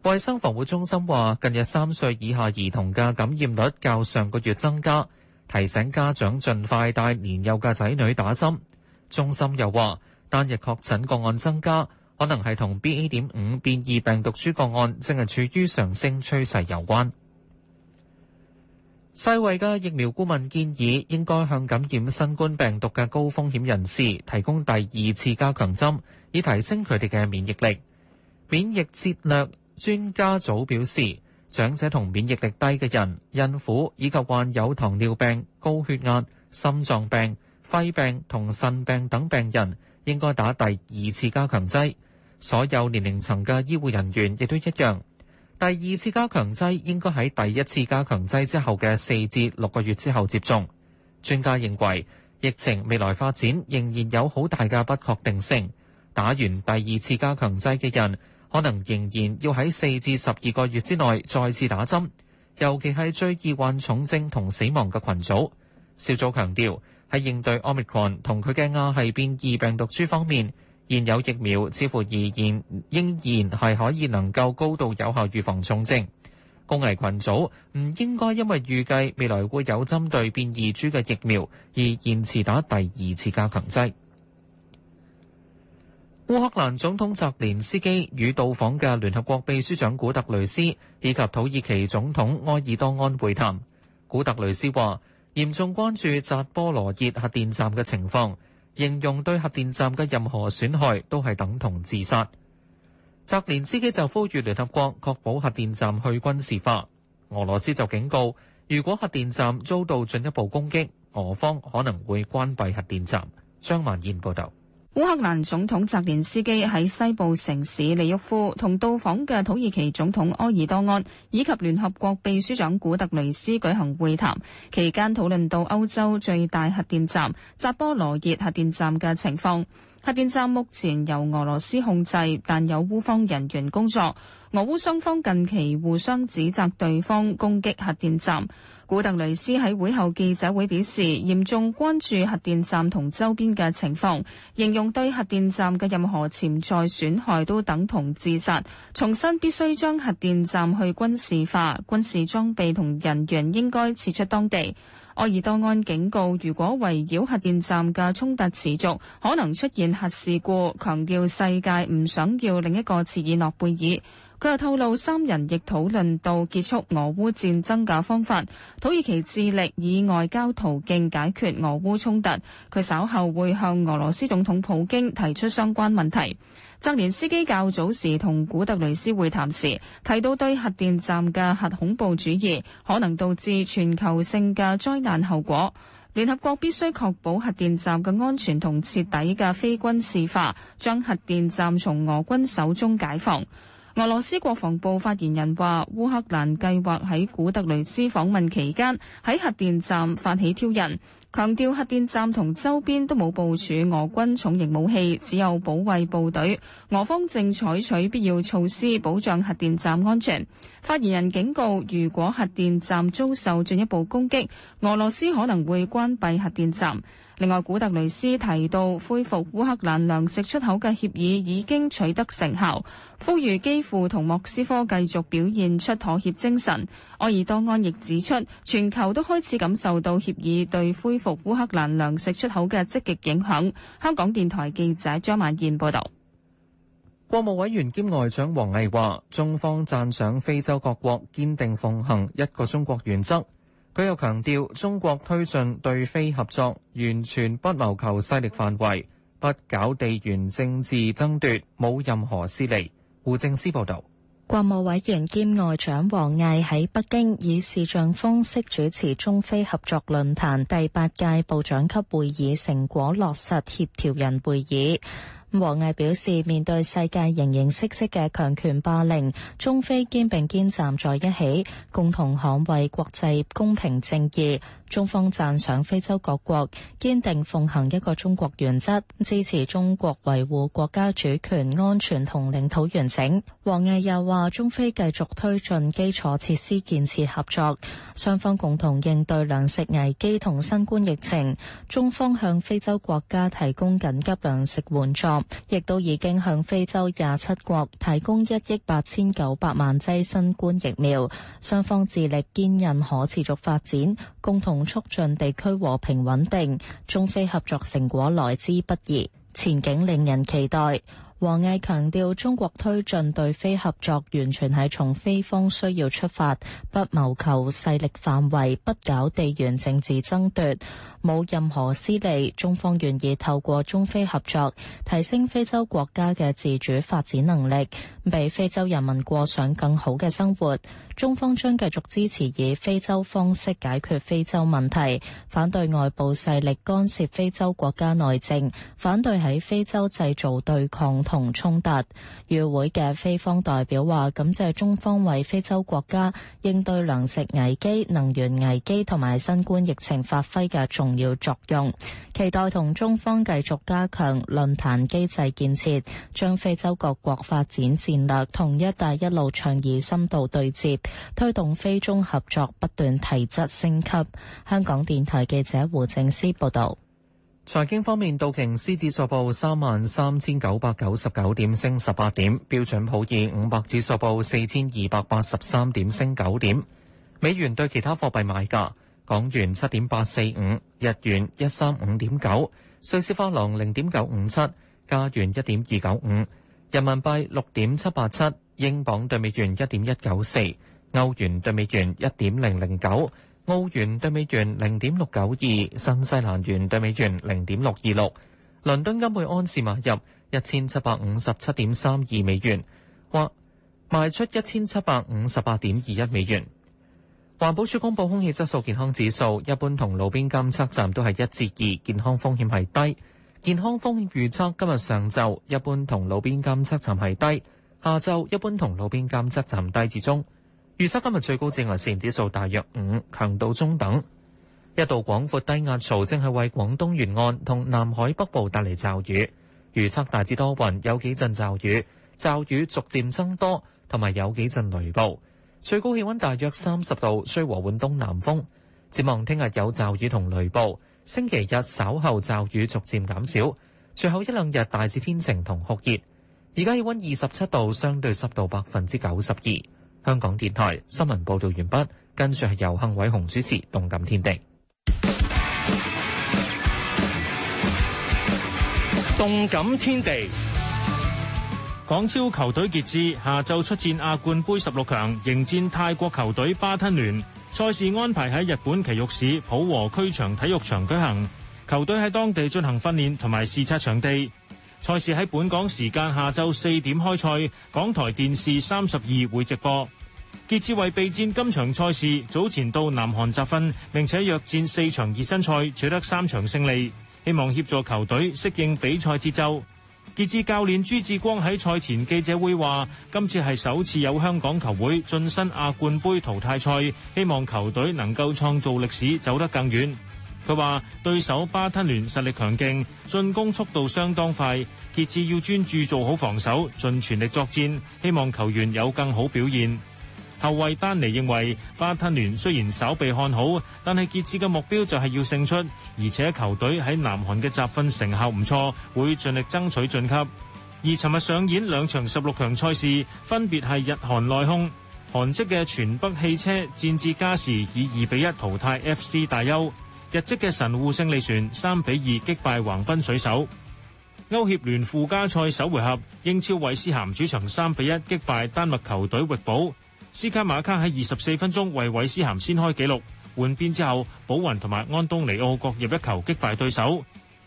衛生防護中心話，近日三歲以下兒童嘅感染率較上個月增加，提醒家長盡快帶年幼嘅仔女打針。中心又話，單日確診個案增加，可能係同 BA.5 變異病毒株個案正係處於上升趨勢有關。世衛嘅疫苗顧問建議，應該向感染新冠病毒嘅高風險人士提供第二次加強針，以提升佢哋嘅免疫力。免疫策略。專家組表示，長者同免疫力低嘅人、孕婦以及患有糖尿病、高血壓、心臟病、肺病同腎病等病人應該打第二次加強劑。所有年齡層嘅醫護人員亦都一樣。第二次加強劑應該喺第一次加強劑之後嘅四至六個月之後接種。專家認為，疫情未來發展仍然有好大嘅不確定性。打完第二次加強劑嘅人，可能仍然要喺四至十二個月之內再次打針，尤其係最易患重症同死亡嘅群組。小組強調，喺應對 Omicron 同佢嘅亞系變異病毒株方面，現有疫苗似乎仍然仍然係可以能夠高度有效預防重症。高危群組唔應該因為預計未來會有針對變異株嘅疫苗而延遲打第二次加強劑。烏克蘭總統澤連斯基與到訪嘅聯合國秘書長古特雷斯以及土耳其總統埃爾多安會談。古特雷斯話：嚴重關注扎波羅熱核電站嘅情況，形容對核電站嘅任何損害都係等同自殺。澤連斯基就呼籲聯合國確保核電站去軍事化。俄羅斯就警告，如果核電站遭到進一步攻擊，俄方可能會關閉核電站。張曼燕報道。烏克蘭總統澤連斯基喺西部城市利沃夫，同到訪嘅土耳其總統埃爾多安以及聯合國秘書長古特雷斯舉行會談，期間討論到歐洲最大核電站扎波羅熱核電站嘅情況。核電站目前由俄羅斯控制，但有烏方人員工作。俄烏雙方近期互相指責對方攻擊核電站。古特雷斯喺會後記者會表示，嚴重關注核電站同周邊嘅情況，形容對核電站嘅任何潛在損害都等同自殺，重新必須將核電站去軍事化，軍事裝備同人員應該撤出當地。愛爾多安警告，如果圍繞核電站嘅衝突持續，可能出現核事故，強調世界唔想要另一個切爾諾貝爾。佢又透露，三人亦討論到結束俄烏戰爭嘅方法。土耳其致力以外交途徑解決俄烏衝突。佢稍後會向俄羅斯總統普京提出相關問題，澤連斯基較早時同古特雷斯會談時提到，對核電站嘅核恐怖主義可能導致全球性嘅災難後果。聯合國必須確保核電站嘅安全同徹底嘅非軍事化，將核電站從俄軍手中解放。俄羅斯國防部發言人話，烏克蘭計劃喺古特雷斯訪問期間喺核電站發起挑釁，強調核電站同周邊都冇部署俄軍重型武器，只有保衛部隊。俄方正採取必要措施保障核電站安全。發言人警告，如果核電站遭受進一步攻擊，俄羅斯可能會關閉核電站。另外，古特雷斯提到，恢復烏克蘭糧食出口嘅協議已經取得成效，呼籲基輔同莫斯科繼續表現出妥協精神。埃爾多安亦指出，全球都開始感受到協議對恢復烏克蘭糧食出口嘅積極影響。香港電台記者張萬燕報道。國務委員兼外長王毅話，中方讚賞非洲各國堅定奉行一個中國原則。佢又強調，中國推進對非合作，完全不謀求勢力範圍，不搞地緣政治爭奪，冇任何私利。胡正思報導，國務委員兼外長王毅喺北京以視像方式主持中非合作論壇第八屆部長級會議成果落實協調人會議。王毅表示，面對世界形形色色嘅強權霸凌，中非肩併肩站在一起，共同捍衛國際公平正義。中方贊賞非洲各國堅定奉行一個中國原則，支持中國維護國家主權、安全同領土完整。王毅又話，中非繼續推進基礎設施建設合作，雙方共同應對糧食危機同新冠疫情。中方向非洲國家提供緊急糧食援助，亦都已經向非洲廿七國提供一億八千九百萬劑新冠疫苗。雙方致力堅韌可持續發展，共同。促進地區和平穩定，中非合作成果來之不易，前景令人期待。王毅強調，中國推進對非合作完全係從非方需要出發，不謀求勢力範圍，不搞地緣政治爭奪。冇任何私利，中方願意透過中非合作提升非洲國家嘅自主發展能力，俾非洲人民過上更好嘅生活。中方將繼續支持以非洲方式解決非洲問題，反對外部勢力干涉非洲國家內政，反對喺非洲製造對抗同衝突。與會嘅非方代表話：感謝中方為非洲國家應對糧食危機、能源危機同埋新冠疫情發揮嘅重。要作用，期待同中方繼續加強論壇機制建設，將非洲各國發展戰略同一帶一路倡議深度對接，推動非中合作不斷提質升級。香港電台記者胡正思報道。財經方面，道瓊斯指數報三萬三千九百九十九點，升十八點；標準普爾五百指數報四千二百八十三點，升九點。美元對其他貨幣買價。港元七點八四五，日元一三五點九，瑞士法郎零點九五七，加元一點二九五，人民幣六點七八七，英鎊對美元一點一九四，歐元對美元一點零零九，澳元對美元零點六九二，新西蘭元對美元零點六二六。倫敦金每安士買入一千七百五十七點三二美元，或賣出一千七百五十八點二一美元。環保署公布空氣質素健康指數，一般同路邊監測站都係一至二，健康風險係低。健康風險預測今日上晝一般同路邊監測站係低，下晝一般同路邊監測站低至中。預測今日最高紫外線指數大約五，強度中等。一度廣闊低壓槽正係為廣東沿岸同南海北部帶嚟驟雨，預測大致多雲，有幾陣驟雨，驟雨逐漸增多，同埋有幾陣雷暴。最高氣溫大約三十度，吹和緩東南風。展望聽日有驟雨同雷暴，星期日稍後驟雨逐漸減少，最後一兩日大致天晴同酷熱。而家氣溫二十七度，相對濕度百分之九十二。香港電台新聞報道完畢，跟住係由幸偉雄主持《動感天地》。《動感天地》港超球隊傑志下晝出戰亞冠盃十六強，迎戰泰國球隊巴吞聯。賽事安排喺日本埼玉市普和區場體育場舉行。球隊喺當地進行訓練同埋視察場地。賽事喺本港時間下晝四點開賽，港台電視三十二會直播。傑志為備戰今場賽事，早前到南韓集訓，並且約戰四場熱身賽，取得三場勝利，希望協助球隊適應比賽節奏。傑志教練朱志光喺賽前記者會話，今次係首次有香港球會晉身亞冠杯淘汰賽，希望球隊能夠創造歷史，走得更遠。佢話對手巴吞聯實力強勁，進攻速度相當快，傑志要專注做好防守，盡全力作戰，希望球員有更好表現。後衛丹尼認為，巴吞聯雖然稍被看好，但係傑志嘅目標就係要勝出，而且球隊喺南韓嘅集訓成效唔錯，會盡力爭取晉級。而尋日上演兩場十六強賽事，分別係日韓內訌，韓籍嘅全北汽車戰至加時以二比一淘汰 FC 大邱；日職嘅神戶勝利船三比二擊敗橫濱水手。歐協聯附加賽首回合，英超韋斯咸主場三比一擊敗丹麥球隊域堡。斯卡馬卡喺二十四分鐘為韋斯咸先開紀錄，換邊之後，保雲同埋安東尼奧各入一球擊敗對手。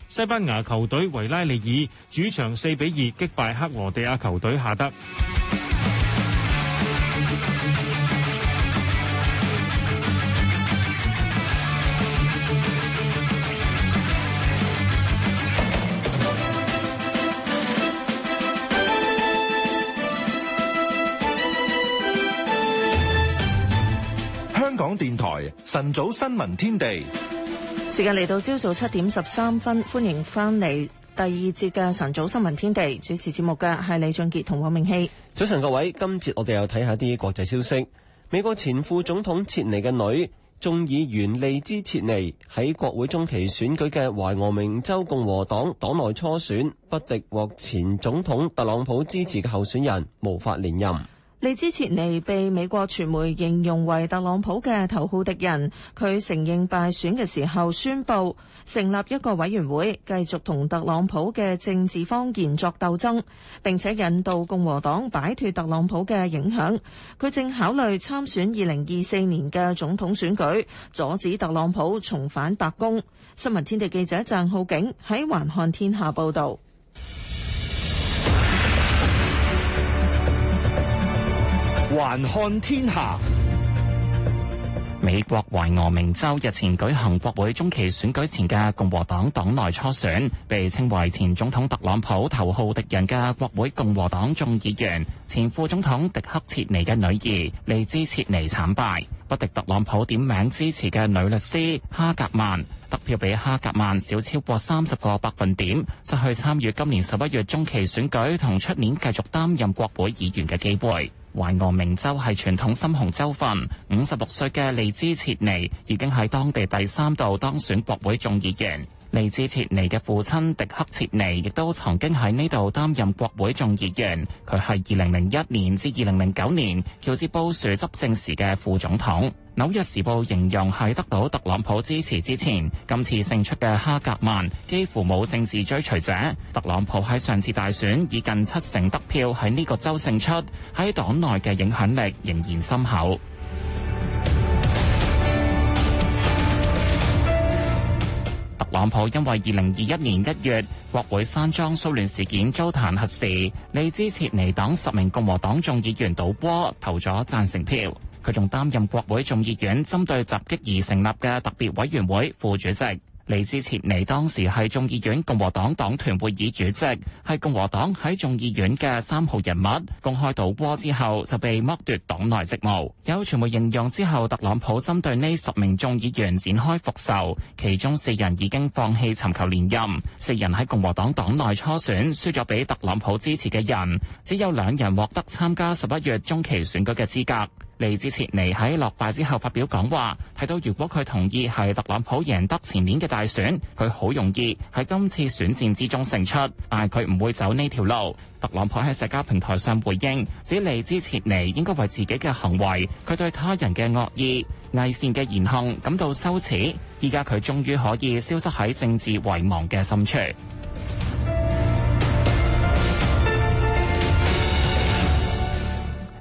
西班牙球隊維拉利爾主場四比二擊敗克羅地亞球隊夏德。晨早新聞天地，時間嚟到朝早七點十三分，歡迎翻嚟第二節嘅晨早新聞天地，主持節目嘅係李俊杰同黃明希。早晨各位，今節我哋又睇下啲國際消息。美國前副總統切尼嘅女，眾議員利茲切尼喺國會中期選舉嘅懷俄明州共和黨黨內初選不敵獲前總統特朗普支持嘅候選人，無法連任。利茲切尼被美國傳媒形容為特朗普嘅頭號敵人，佢承認敗選嘅時候，宣布成立一個委員會，繼續同特朗普嘅政治謊言作鬥爭，並且引導共和黨擺脱特朗普嘅影響。佢正考慮參選二零二四年嘅總統選舉，阻止特朗普重返白宮。新聞天地記者鄭浩景喺《環看天下》報道。環看天下，美國懷俄明州日前舉行國會中期選舉前嘅共和黨黨內初選，被稱為前總統特朗普頭號敵人嘅國會共和黨眾議員、前副總統迪克·切尼嘅女兒利茲·切尼慘敗，不敵特朗普點名支持嘅女律師哈格曼，得票比哈格曼少超過三十個百分點，失去參與今年十一月中期選舉同出年繼續擔任國會議員嘅機會。懷俄明州係傳統深紅州份，五十六歲嘅利茲切尼已經係當地第三度當選國會眾議員。利茲切尼嘅父親迪克切尼亦都曾經喺呢度擔任國會眾議員，佢係二零零一年至二零零九年，喬治布殊執政時嘅副總統。紐約時報形容，喺得到特朗普支持之前，今次勝出嘅哈格曼幾乎冇政治追隨者。特朗普喺上次大選以近七成得票喺呢個州勝出，喺黨內嘅影響力仍然深厚。特朗普因為二零二一年一月國會山莊騷亂事件遭彈劾時，利茲切尼等十名共和黨眾議員賭波投咗贊成票，佢仲擔任國會眾議院針對襲擊而成立嘅特別委員會副主席。李茲切尼當時係眾議院共和黨黨團會議主席，係共和黨喺眾議院嘅三號人物。公開倒戈之後，就被剝奪黨內職務。有傳媒形容之後，特朗普針對呢十名眾議員展開復仇，其中四人已經放棄尋求連任，四人喺共和黨黨內初選輸咗俾特朗普支持嘅人，只有兩人獲得參加十一月中期選舉嘅資格。利茲切尼喺落敗之後發表講話，提到如果佢同意係特朗普贏得前年嘅大選，佢好容易喺今次選戰之中勝出，但係佢唔會走呢條路。特朗普喺社交平台上回應，指利茲切尼應該為自己嘅行為、佢對他人嘅惡意、偽善嘅言行感到羞恥，依家佢終於可以消失喺政治遺忘嘅深處。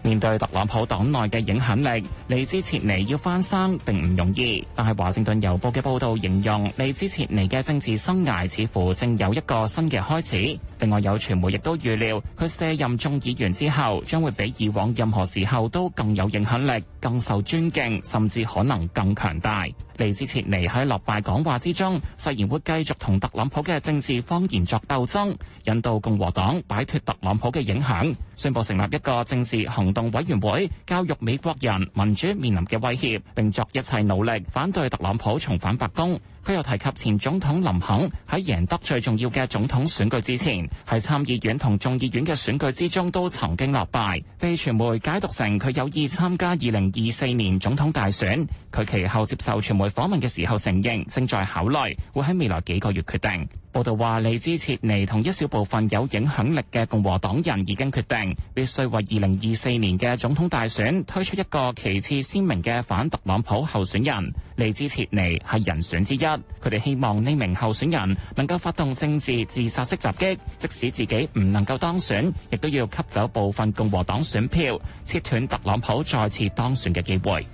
面對特朗普黨內嘅影響力，利茲切尼要翻身並唔容易。但係華盛頓郵報嘅報道形容，利茲切尼嘅政治生涯似乎正有一個新嘅開始。另外有傳媒亦都預料，佢卸任眾議員之後，將會比以往任何時候都更有影響力、更受尊敬，甚至可能更強大。利斯切尼喺落敗講話之中，誓言會繼續同特朗普嘅政治謊言，作鬥爭，引導共和黨擺脫特朗普嘅影響，宣佈成立一個政治行動委員會，教育美國人民主面臨嘅威脅，并作一切努力反對特朗普重返白宮。佢又提及前總統林肯喺贏得最重要嘅總統選舉之前，喺參議院同眾議院嘅選舉之中都曾經落敗，被傳媒解讀成佢有意參加二零二四年總統大選，佢其後接受傳媒訪問嘅時候承認正在考慮，會喺未來幾個月決定。報道話利茲切尼同一小部分有影響力嘅共和黨人已經決定必須為二零二四年嘅總統大選推出一個旗幟鮮明嘅反特朗普候選人。利茲切尼係人選之一。佢哋希望呢名候選人能夠發動政治自殺式襲擊，即使自己唔能夠當選，亦都要吸走部分共和黨選票，切斷特朗普再次當選嘅機會。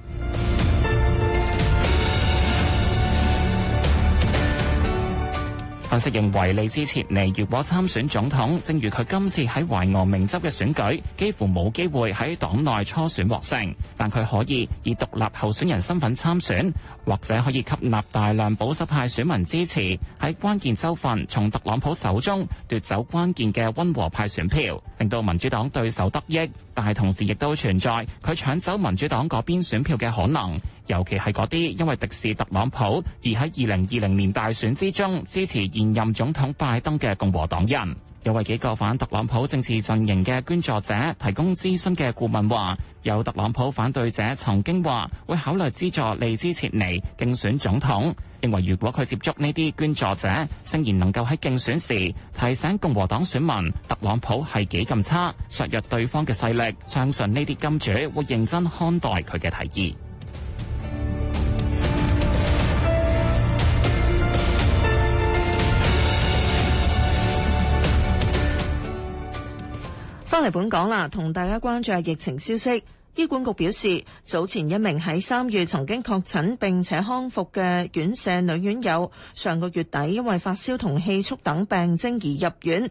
分析認為，利茲切尼，如果參選總統，正如佢今次喺懷俄明州嘅選舉，幾乎冇機會喺黨內初選獲勝。但佢可以以獨立候選人身份參選，或者可以吸納大量保守派選民支持，喺關鍵州份從特朗普手中奪走關鍵嘅温和派選票，令到民主黨對手得益。但係同時亦都存在佢搶走民主黨嗰邊選票嘅可能，尤其係嗰啲因為敵視特朗普而喺二零二零年大選之中支持現任總統拜登嘅共和黨人，有為幾個反特朗普政治陣營嘅捐助者提供諮詢嘅顧問話，有特朗普反對者曾經話會考慮資助利茲切尼競選總統，認為如果佢接觸呢啲捐助者，聲言能夠喺競選時提醒共和黨選民特朗普係幾咁差，削弱對方嘅勢力，相信呢啲金主會認真看待佢嘅提議。翻嚟本港啦，同大家關注下疫情消息。醫管局表示，早前一名喺三月曾經確診並且康復嘅院舍女院友，上個月底因為發燒同氣促等病徵而入院。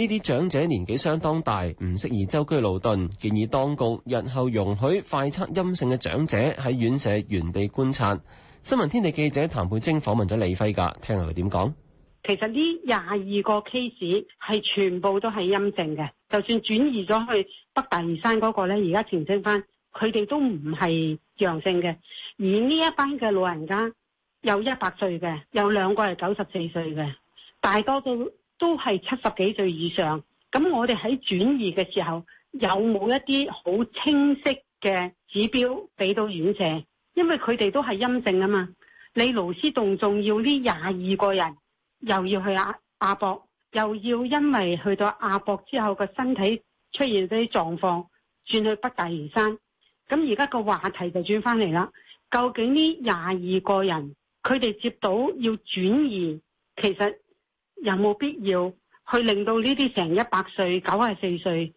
呢啲長者年紀相當大，唔適宜舟車勞頓，建議當局日後容許快測陰性嘅長者喺院舍原地觀察。新聞天地記者譚佩晶訪問咗李輝噶，聽下佢點講。其實呢廿二個 case 係全部都係陰性嘅，就算轉移咗去北大嶼山嗰個咧，而家澄清返，佢哋都唔係陽性嘅。而呢一班嘅老人家，有一百歲嘅，有兩個係九十四歲嘅，大多數。都係七十幾歲以上，咁我哋喺轉移嘅時候有冇一啲好清晰嘅指標俾到院舍？因為佢哋都係陰性啊嘛，你勞師動眾要呢廿二個人，又要去阿阿博，又要因為去到阿博之後個身體出現啲狀況，轉去北大嶼山。咁而家個話題就轉翻嚟啦，究竟呢廿二個人佢哋接到要轉移，其實？有冇必要去令到呢啲成一百歲、九十四歲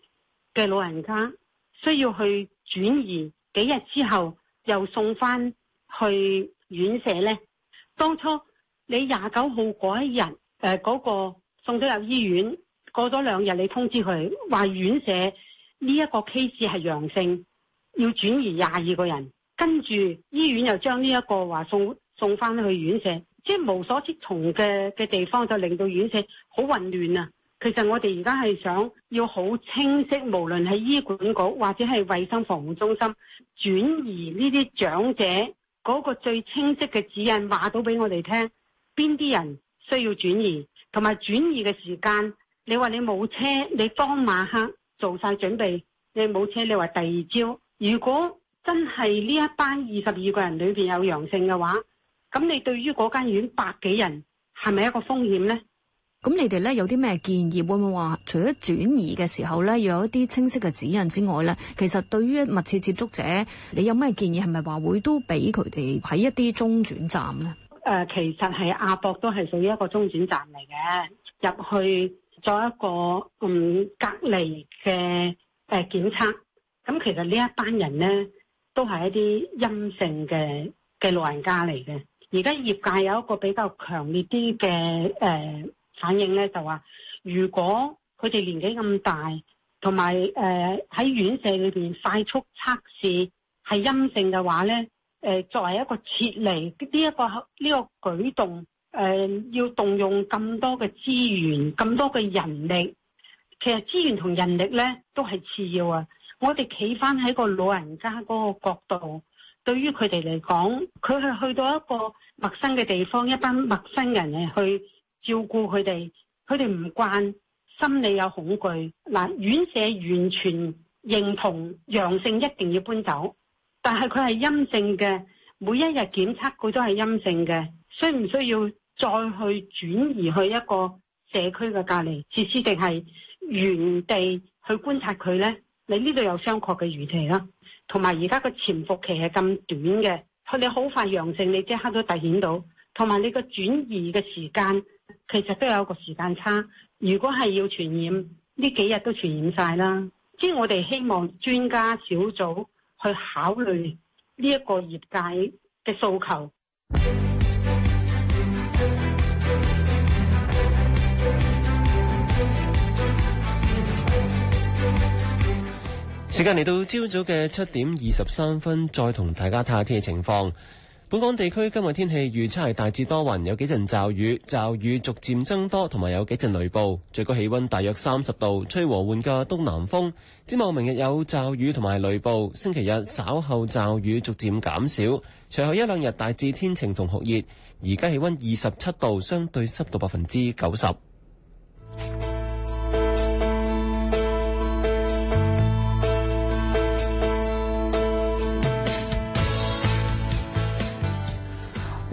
嘅老人家需要去轉移？幾日之後又送翻去院舍咧？當初你廿九號一日，誒、那、嗰個送咗入醫院，過咗兩日你通知佢，話院舍呢一個 case 係陽性，要轉移廿二個人，跟住醫院又將呢一個話送送翻去院舍。即係無所適從嘅嘅地方，就令到院舍好混亂啊！其實我哋而家係想要好清晰，無論係醫管局或者係衛生防護中心轉移呢啲長者，嗰個最清晰嘅指引話到俾我哋聽，邊啲人需要轉移，同埋轉移嘅時間。你話你冇車，你當晚黑做晒準備，你冇車，你話第二朝，如果真係呢一班二十二個人裏邊有陽性嘅話。咁你對於嗰間院百幾人係咪一個風險呢？咁你哋咧有啲咩建議？會唔會話除咗轉移嘅時候咧，有一啲清晰嘅指引之外咧，其實對於密切接觸者，你有咩建議？係咪話會都俾佢哋喺一啲中轉站咧？誒、呃，其實係亞博都係屬於一個中轉站嚟嘅，入去做一個嗯隔離嘅誒、呃、檢測。咁、呃、其實一呢一班人咧，都係一啲陰性嘅嘅老人家嚟嘅。而家業界有一個比較強烈啲嘅誒反應咧，就話如果佢哋年紀咁大，同埋誒喺院舍裏邊快速測試係陰性嘅話咧，誒、呃、作為一個撤離呢、呢、一個呢、呢個舉動，誒、呃、要動用咁多嘅資源、咁多嘅人力，其實資源同人力咧都係次要啊。我哋企翻喺個老人家嗰個角度。對於佢哋嚟講，佢係去到一個陌生嘅地方，一班陌生人嚟去照顧佢哋，佢哋唔慣，心理有恐懼。嗱，院舍完全認同陽性一定要搬走，但係佢係陰性嘅，每一日檢測佢都係陰性嘅，需唔需要再去轉移去一個社區嘅隔離設施，定係原地去觀察佢呢？你呢度有商榷嘅餘地啦。同埋而家個潛伏期係咁短嘅，佢你好快陽性，你即刻都發現到。同埋你個轉移嘅時間其實都有個時間差。如果係要傳染，呢幾日都傳染晒啦。即係我哋希望專家小組去考慮呢一個業界嘅訴求。時間嚟到朝早嘅七點二十三分，再同大家睇下天氣情況。本港地區今日天氣預測係大致多雲，有幾陣驟雨，驟雨逐漸增多，同埋有幾陣雷暴。最高氣溫大約三十度，吹和緩嘅東南風。展望明日有驟雨同埋雷暴，星期日稍後驟雨逐漸減少，隨後一兩日大致天晴同酷熱。而家氣溫二十七度，相對濕度百分之九十。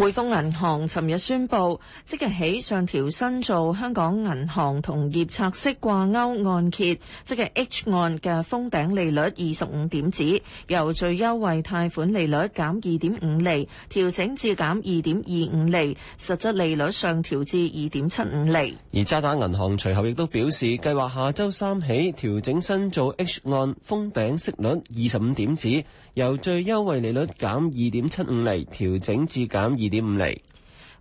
匯豐銀行尋日宣布，即日起上調新造香港銀行同業拆息掛鈎按揭，即係 H 案嘅封頂利率二十五點子，由最優惠貸款利率減二點五厘，調整至減二點二五厘，實質利率上調至二點七五厘。而渣打銀行隨後亦都表示，計劃下周三起調整新造 H 案封頂息率二十五點子。由最優惠利率減二點七五厘調整至減二點五厘。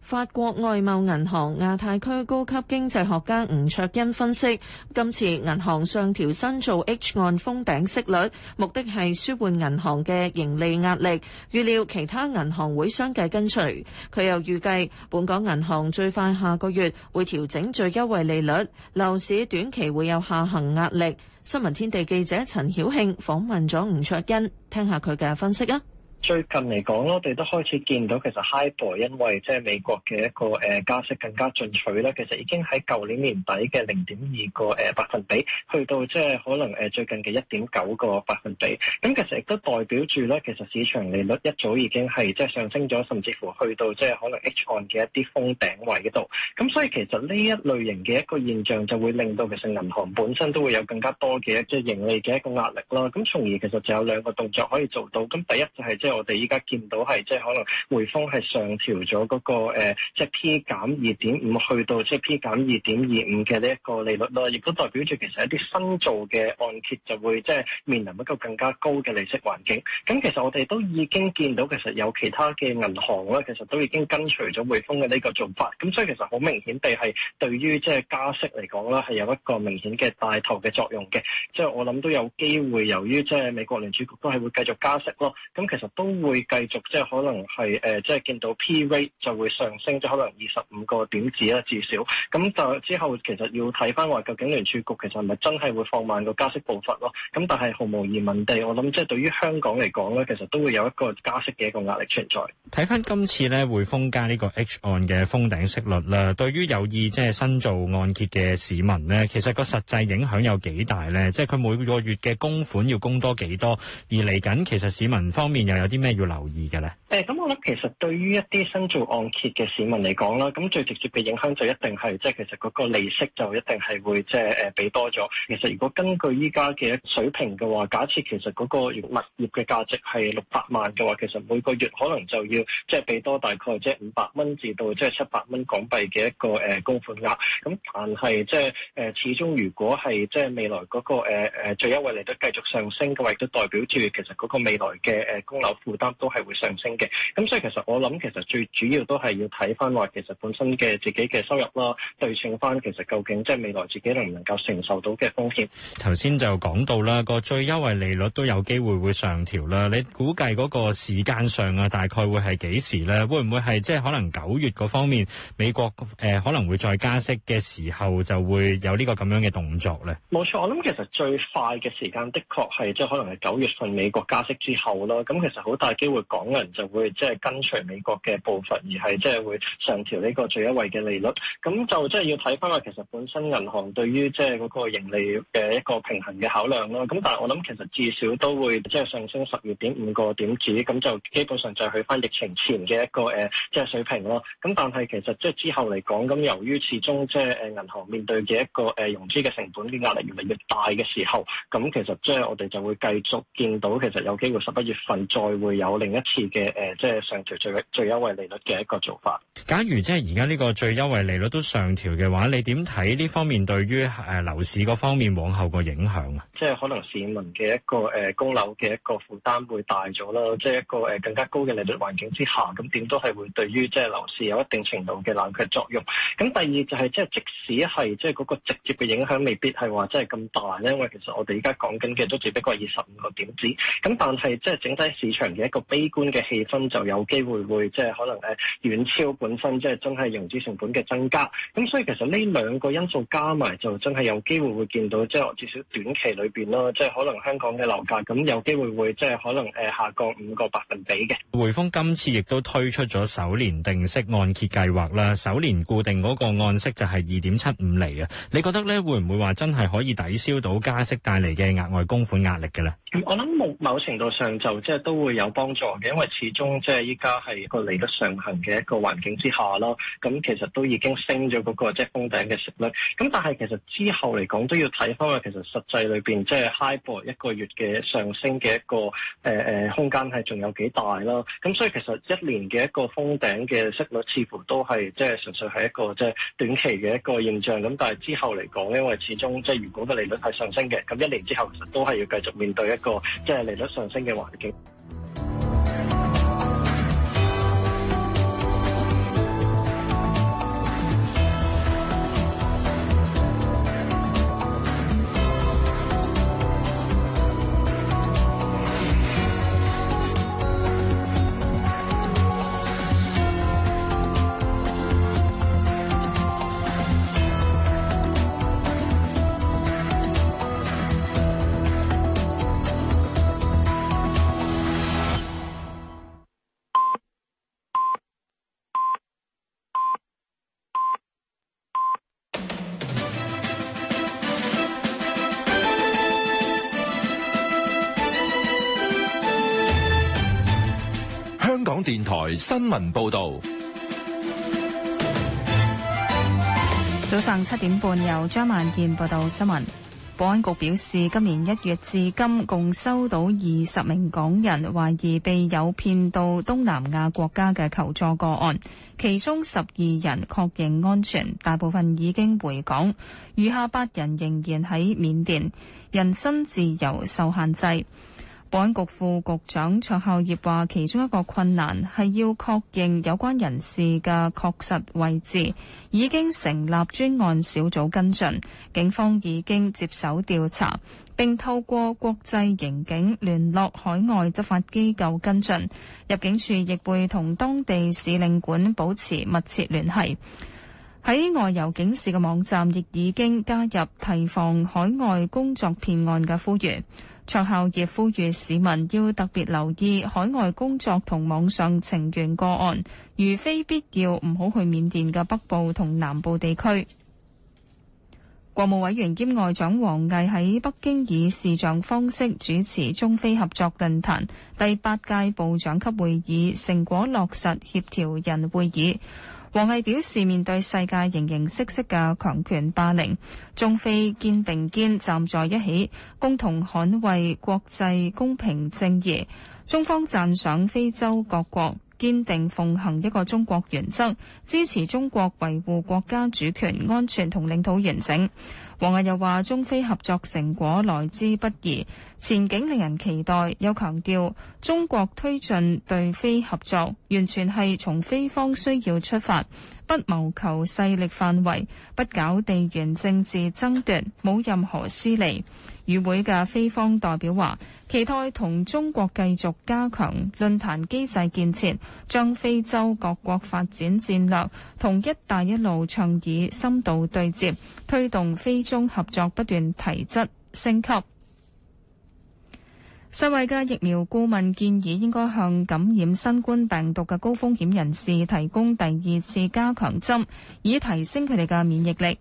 法國外貿銀行亞太區高級經濟學家吳卓恩分析，今次銀行上調新做 H 按封頂息率，目的係舒緩銀行嘅盈利壓力。預料其他銀行會相繼跟隨。佢又預計本港銀行最快下個月會調整最優惠利率，樓市短期會有下行壓力。新聞天地記者陳曉慶訪問咗吳卓欣，聽下佢嘅分析啊！最近嚟講，我哋都開始見到其實 HIBOR，因為即係美國嘅一個誒加息更加進取咧，其實已經喺舊年年底嘅零點二個誒百分比，去到即係可能誒最近嘅一點九個百分比。咁其實亦都代表住咧，其實市場利率一早已經係即係上升咗，甚至乎去到即係可能 H 按嘅一啲封頂位嗰度。咁所以其實呢一類型嘅一個現象就會令到其實銀行本身都會有更加多嘅即係盈利嘅一個壓力咯。咁從而其實就有兩個動作可以做到。咁第一就係即係。我哋依家見到係即係可能匯豐係上調咗嗰個、呃、即係 P 減二點五，去到即係 P 減二點二五嘅呢一個利率啦，亦都代表住其實一啲新造嘅按揭就會即係面臨一個更加高嘅利息環境。咁其實我哋都已經見到其實有其他嘅銀行咧，其實都已經跟隨咗匯豐嘅呢個做法。咁所以其實好明顯地係對於即係加息嚟講啦，係有一個明顯嘅帶頭嘅作用嘅。即係我諗都有機會，由於即係美國聯儲局都係會繼續加息咯。咁其實。都會繼續即係可能係誒、呃，即係見到 P rate 就會上升咗，可能二十五個點子啦，至少。咁但之後其實要睇翻話，究竟聯儲局其實係咪真係會放慢個加息步伐咯？咁但係毫無疑問地，我諗即係對於香港嚟講呢，其實都會有一個加息嘅一個壓力存在。睇翻今次呢，匯豐加呢個 H 按嘅封頂息率啦，對於有意即係、就是、新做按揭嘅市民呢，其實個實際影響有幾大呢？即係佢每個月嘅供款要供多幾多？而嚟緊其實市民方面又有。啲咩要留意嘅咧？誒咁、嗯、我諗其實對於一啲新做按揭嘅市民嚟講啦，咁最直接嘅影響就一定係即係其實嗰個利息就一定係會即係誒俾多咗。其實如果根據依家嘅水平嘅話，假設其實嗰個物業嘅價值係六百萬嘅話，其實每個月可能就要即係俾多大概即係五百蚊至到即係七百蚊港幣嘅一個誒供款額。咁但係即係誒始終如果係即係未來嗰個誒最優惠利率繼續上升嘅話，亦都代表住其實嗰個未來嘅誒供樓。負擔都係會上升嘅，咁所以其實我諗其實最主要都係要睇翻話其實本身嘅自己嘅收入啦，對稱翻其實究竟即係未來自己能唔能夠承受到嘅風險。頭先就講到啦，個最優惠利率都有機會會上調啦。你估計嗰個時間上啊，大概會係幾時咧？會唔會係即係可能九月嗰方面美國誒、呃、可能會再加息嘅時候就會有呢個咁樣嘅動作咧？冇錯，我諗其實最快嘅時間的確係即係可能係九月份美國加息之後咯。咁其實。好大機會，港銀就會即係跟隨美國嘅步伐，而係即係會上調呢個最優惠嘅利率。咁就即係要睇翻啊，其實本身銀行對於即係嗰個盈利嘅一個平衡嘅考量咯。咁但係我諗，其實至少都會即係上升十二點五個點子。咁就基本上就係去翻疫情前嘅一個誒即係水平咯。咁但係其實即係之後嚟講，咁由於始終即係誒銀行面對嘅一個誒融資嘅成本嘅壓力越嚟越大嘅時候，咁其實即係我哋就會繼續見到其實有機會十一月份再會有另一次嘅誒、呃，即係上調最最優惠利率嘅一個做法。假如即係而家呢個最優惠利率都上調嘅話，你點睇呢方面對於誒、呃呃、樓市嗰方面往後個影響啊？即係可能市民嘅一個誒供樓嘅一個負擔會大咗啦、呃，即係一個誒更加高嘅利率環境之下，咁點都係會對於即係樓市有一定程度嘅冷卻作用。咁第二就係即係即使係即係嗰個直接嘅影響未必係話即係咁大咧，因為其實我哋而家講緊嘅都只不過二十五個點子。咁但係即係整體市場。嘅一個悲觀嘅氣氛，就有機會會即係可能誒遠超本身，即係真係融資成本嘅增加。咁所以其實呢兩個因素加埋，就真係有機會會見到，即係至少短期裏邊啦，即係可能香港嘅樓價咁有機會會即係可能誒下降五個百分比嘅。匯豐今次亦都推出咗首年定息按揭計劃啦，首年固定嗰個按息就係二點七五厘啊。你覺得咧會唔會話真係可以抵消到加息帶嚟嘅額外供款壓力嘅咧？我諗某程度上就即係都會有幫助嘅，因為始終即係依家係個利率上行嘅一個環境之下咯。咁其實都已經升咗嗰、那個即係、就是、封頂嘅息率。咁但係其實之後嚟講都要睇返，其實實際裏邊即係 HIBOR 一個月嘅上升嘅一個誒誒、呃、空間係仲有幾大咯。咁所以其實一年嘅一個封頂嘅息率似乎都係即係純粹係一個即係短期嘅一個現象。咁但係之後嚟講，因為始終即係如果個利率係上升嘅，咁一年之後其實都係要繼續面對個即係利率上升嘅環境。新聞報道。早上七點半，由張萬健報道新聞。保安局表示，今年一月至今共收到二十名港人懷疑被誘騙到東南亞國家嘅求助個案，其中十二人確認安全，大部分已經回港，餘下八人仍然喺緬甸，人身自由受限制。保安局副局長卓孝業話，其中一個困難係要確認有關人士嘅確實位置，已經成立專案小組跟進，警方已經接手調查，並透過國際刑警聯絡海外執法機構跟進，入境處亦會同當地使領館保持密切聯繫，喺外遊警示嘅網站亦已經加入提防海外工作騙案嘅呼籲。卓孝業呼籲市民要特別留意海外工作同網上情緣個案，如非必要，唔好去緬甸嘅北部同南部地區。國務委員兼外長王毅喺北京以視像方式主持中非合作論壇第八屆部長級會議成果落實協調人會議。王毅表示，面對世界形形色色嘅強權霸凌，中非肩並肩站在一起，共同捍衛國際公平正義。中方讚賞非洲各國堅定奉行一個中國原則，支持中國維護國家主權、安全同領土完整。王毅又話：中非合作成果來之不易，前景令人期待。又強調中國推進對非合作，完全係從非方需要出發，不謀求勢力範圍，不搞地緣政治爭奪，冇任何私利。與會嘅非方代表話，期待同中國繼續加強論壇機制建設，將非洲各國發展戰略同“一帶一路”倡議深度對接，推動非中合作不斷提質升級。世衛嘅疫苗顧問建議，應該向感染新冠病毒嘅高風險人士提供第二次加強針，以提升佢哋嘅免疫力。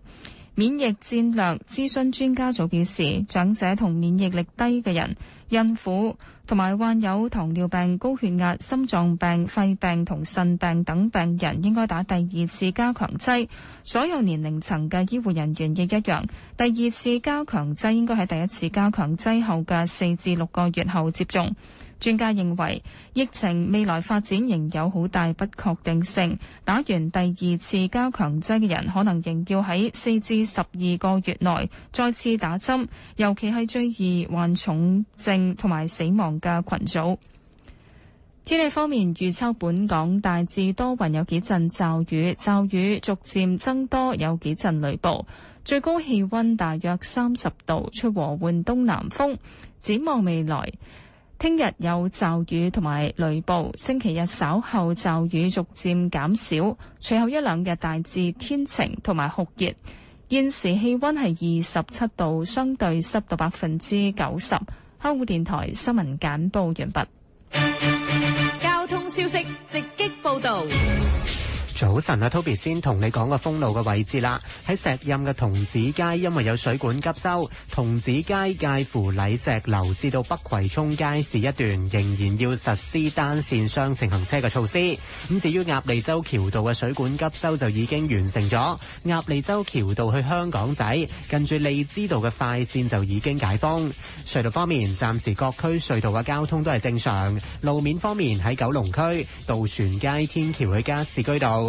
免疫戰略諮詢專家組表示，長者同免疫力低嘅人、孕婦同埋患有糖尿病、高血壓、心臟病、肺病同腎病等病人應該打第二次加強劑。所有年齡層嘅醫護人員亦一樣，第二次加強劑應該喺第一次加強劑後嘅四至六個月後接種。專家認為疫情未來發展仍有好大不確定性。打完第二次加強劑嘅人，可能仍要喺四至十二個月內再次打針，尤其係最易患重症同埋死亡嘅群組。天氣方面預測，本港大致多雲，有幾陣驟雨，驟雨逐漸增多，有幾陣雷暴，最高氣温大約三十度，出和緩東南風。展望未來，聽日有驟雨同埋雷暴，星期日稍後驟雨逐漸減少，隨後一兩日大致天晴同埋酷熱。現時氣温係二十七度，相對濕度百分之九十。香港電台新聞簡報完畢。交通消息直擊報道。早晨啊，Toby 先同你講個封路嘅位置啦。喺石蔭嘅童子街，因為有水管急修，童子街介乎禮石樓至到北葵涌街市一段，仍然要實施單線雙程行車嘅措施。咁至於鴨脷洲橋道嘅水管急修就已經完成咗，鴨脷洲橋道去香港仔，近住利枝道嘅快線就已經解封。隧道方面，暫時各區隧道嘅交通都係正常。路面方面喺九龍區渡船街天橋去加士居道。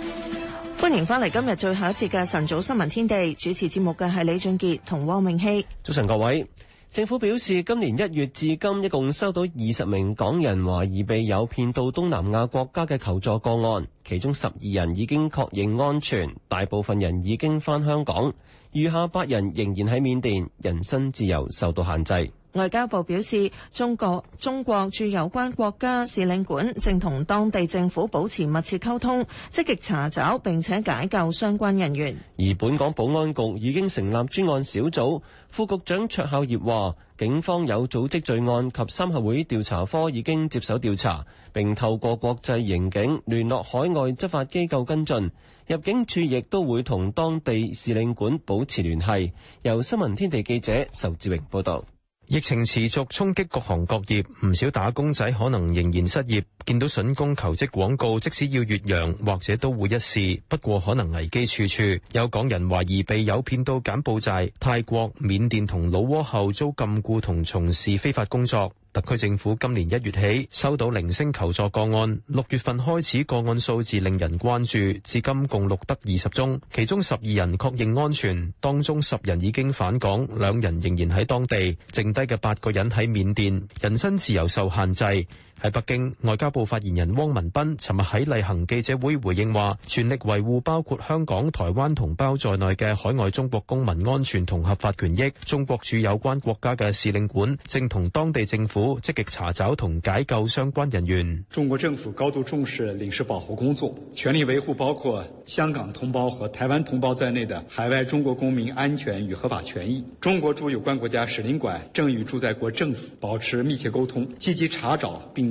歡迎返嚟今日最後一節嘅晨早新聞天地，主持節目嘅係李俊傑同汪明希。早晨各位，政府表示今年一月至今，一共收到二十名港人懷疑被誘騙到東南亞國家嘅求助個案，其中十二人已經確認安全，大部分人已經返香港，餘下八人仍然喺緬甸，人身自由受到限制。外交部表示，中國中國駐有關國家使領館正同當地政府保持密切溝通，積極查找並且解救相關人員。而本港保安局已經成立專案小組，副局長卓孝業話：警方有組織罪案及三合會調查科已經接手調查，並透過國際刑警聯絡海外執法機構跟進。入境處亦都會同當地使領館保持聯繫。由新聞天地記者仇志榮報道。疫情持續衝擊各行各業，唔少打工仔可能仍然失業。見到筍工求職廣告，即使要越洋，或者都會一試。不過可能危機處處，有港人懷疑被誘騙到柬埔寨、泰國、緬甸同老撾後遭禁錮同從事非法工作。特區政府今年一月起收到零星求助個案，六月份開始個案數字令人關注，至今共錄得二十宗，其中十二人確認安全，當中十人已經返港，兩人仍然喺當地，剩低嘅八個人喺緬甸，人身自由受限制。喺北京外交部發言人汪文斌尋日喺例行記者會回應話，全力維護包括香港、台灣同胞在內嘅海外中國公民安全同合法權益。中國駐有關國家嘅使領館正同當地政府積極查找同解救相關人員。中國政府高度重視領事保護工作，全力維護包括香港同胞和台灣同胞在內嘅海外中國公民安全與合法權益。中國駐有關國家使領館正與駐在國政府保持密切溝通，積極查找並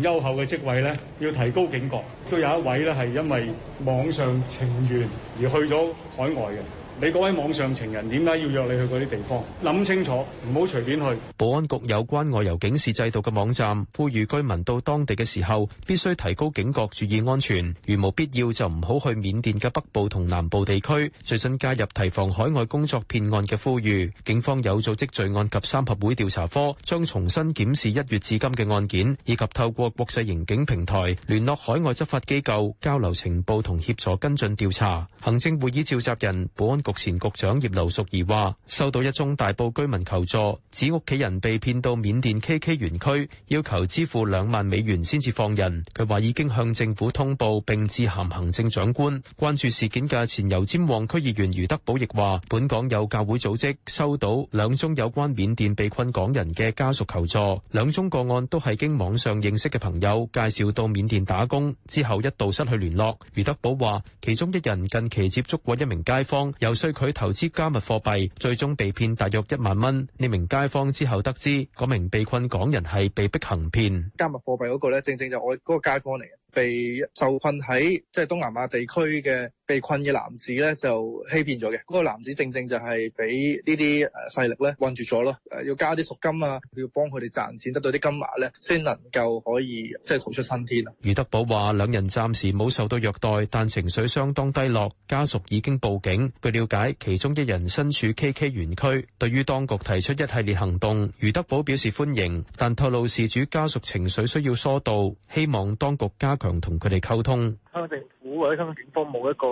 優厚嘅職位咧，要提高警覺。都有一位咧，係因為網上情緣而去咗海外嘅。你嗰位網上情人點解要約你去嗰啲地方？諗清楚，唔好隨便去。保安局有關外遊警示制度嘅網站，呼籲居民到當地嘅時候必須提高警覺，注意安全。如無必要，就唔好去緬甸嘅北部同南部地區。最新加入提防海外工作騙案嘅呼籲，警方有組織罪案及三合會調查科將重新檢視一月至今嘅案件，以及透過國際刑警平台聯絡海外執法機構交流情報同協助跟進調查。行政會議召集人保安局前局長葉劉淑儀話：收到一宗大埔居民求助，指屋企人被騙到緬甸 KK 園區，要求支付兩萬美元先至放人。佢話已經向政府通報，並致函行政長官關注事件嘅，前油尖旺區議員余德寶亦話：本港有教會組織收到兩宗有關緬甸被困港人嘅家屬求助，兩宗個案都係經網上認識嘅朋友介紹到緬甸打工，之後一度失去聯絡。余德寶話：其中一人近期接觸過一名街坊需佢投資加密貨幣，最終被騙大約一萬蚊。呢名街坊之後得知，嗰名被困港人係被迫行騙加密貨幣嗰個咧，正正就我嗰個街坊嚟，被受困喺即係東南亞地區嘅。被困嘅男子咧就欺騙咗嘅，嗰、那個男子正正就係俾呢啲誒勢力咧困住咗咯，誒要加啲贖金啊，要幫佢哋賺錢得到啲金額咧，先能夠可以即係、就是、逃出生天。余德寶話：兩人暫時冇受到虐待，但情緒相當低落，家屬已經報警。據了解，其中一人身處 KK 園區，對於當局提出一系列行動，余德寶表示歡迎，但透露事主家屬情緒需要疏導，希望當局加強同佢哋溝通。香港政府或者香港警方冇一個。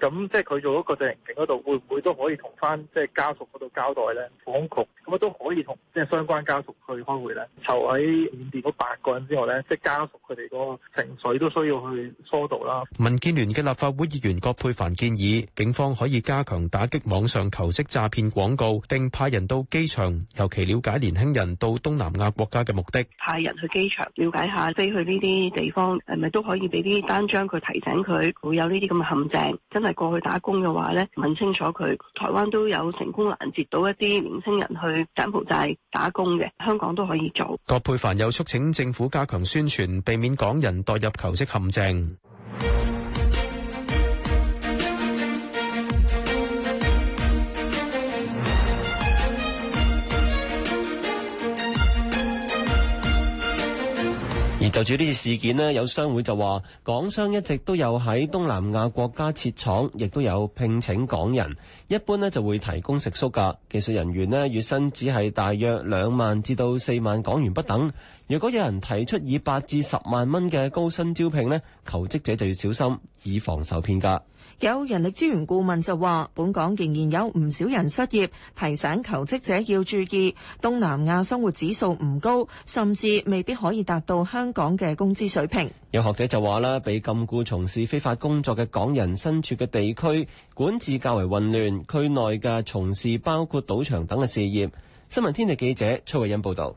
咁即係佢做一個偵警嗰度，會唔會都可以同翻即係家屬嗰度交代呢？港局咁啊都可以同即係相關家屬去開會呢就喺五店八個人之外呢，即係家屬佢哋嗰個情緒都需要去疏導啦。民建聯嘅立法會議員葛珮帆建議，警方可以加強打擊網上求職詐騙廣告，並派人到機場，尤其了解年輕人到東南亞國家嘅目的。派人去機場了解下飛去呢啲地方係咪都可以俾啲單張佢，提醒佢會有呢啲咁嘅陷阱，真係。過去打工嘅話呢，問清楚佢。台灣都有成功攔截到一啲年輕人去柬埔寨打工嘅，香港都可以做。郭佩凡又促請政府加強宣傳，避免港人墮入求職陷阱。而就住呢次事件呢，有商會就話港商一直都有喺東南亞國家設廠，亦都有聘請港人。一般呢就會提供食宿噶，技術人員呢月薪只係大約兩萬至到四萬港元不等。如果有人提出以八至十萬蚊嘅高薪招聘呢，求職者就要小心，以防受騙噶。有人力資源顧問就話本港仍然有唔少人失業，提醒求職者要注意東南亞生活指數唔高，甚至未必可以達到香港嘅工資水平。有學者就話啦，被禁錮從事非法工作嘅港人身處嘅地區，管治較為混亂，區內嘅從事包括賭場等嘅事業。新聞天地記者崔慧欣報道。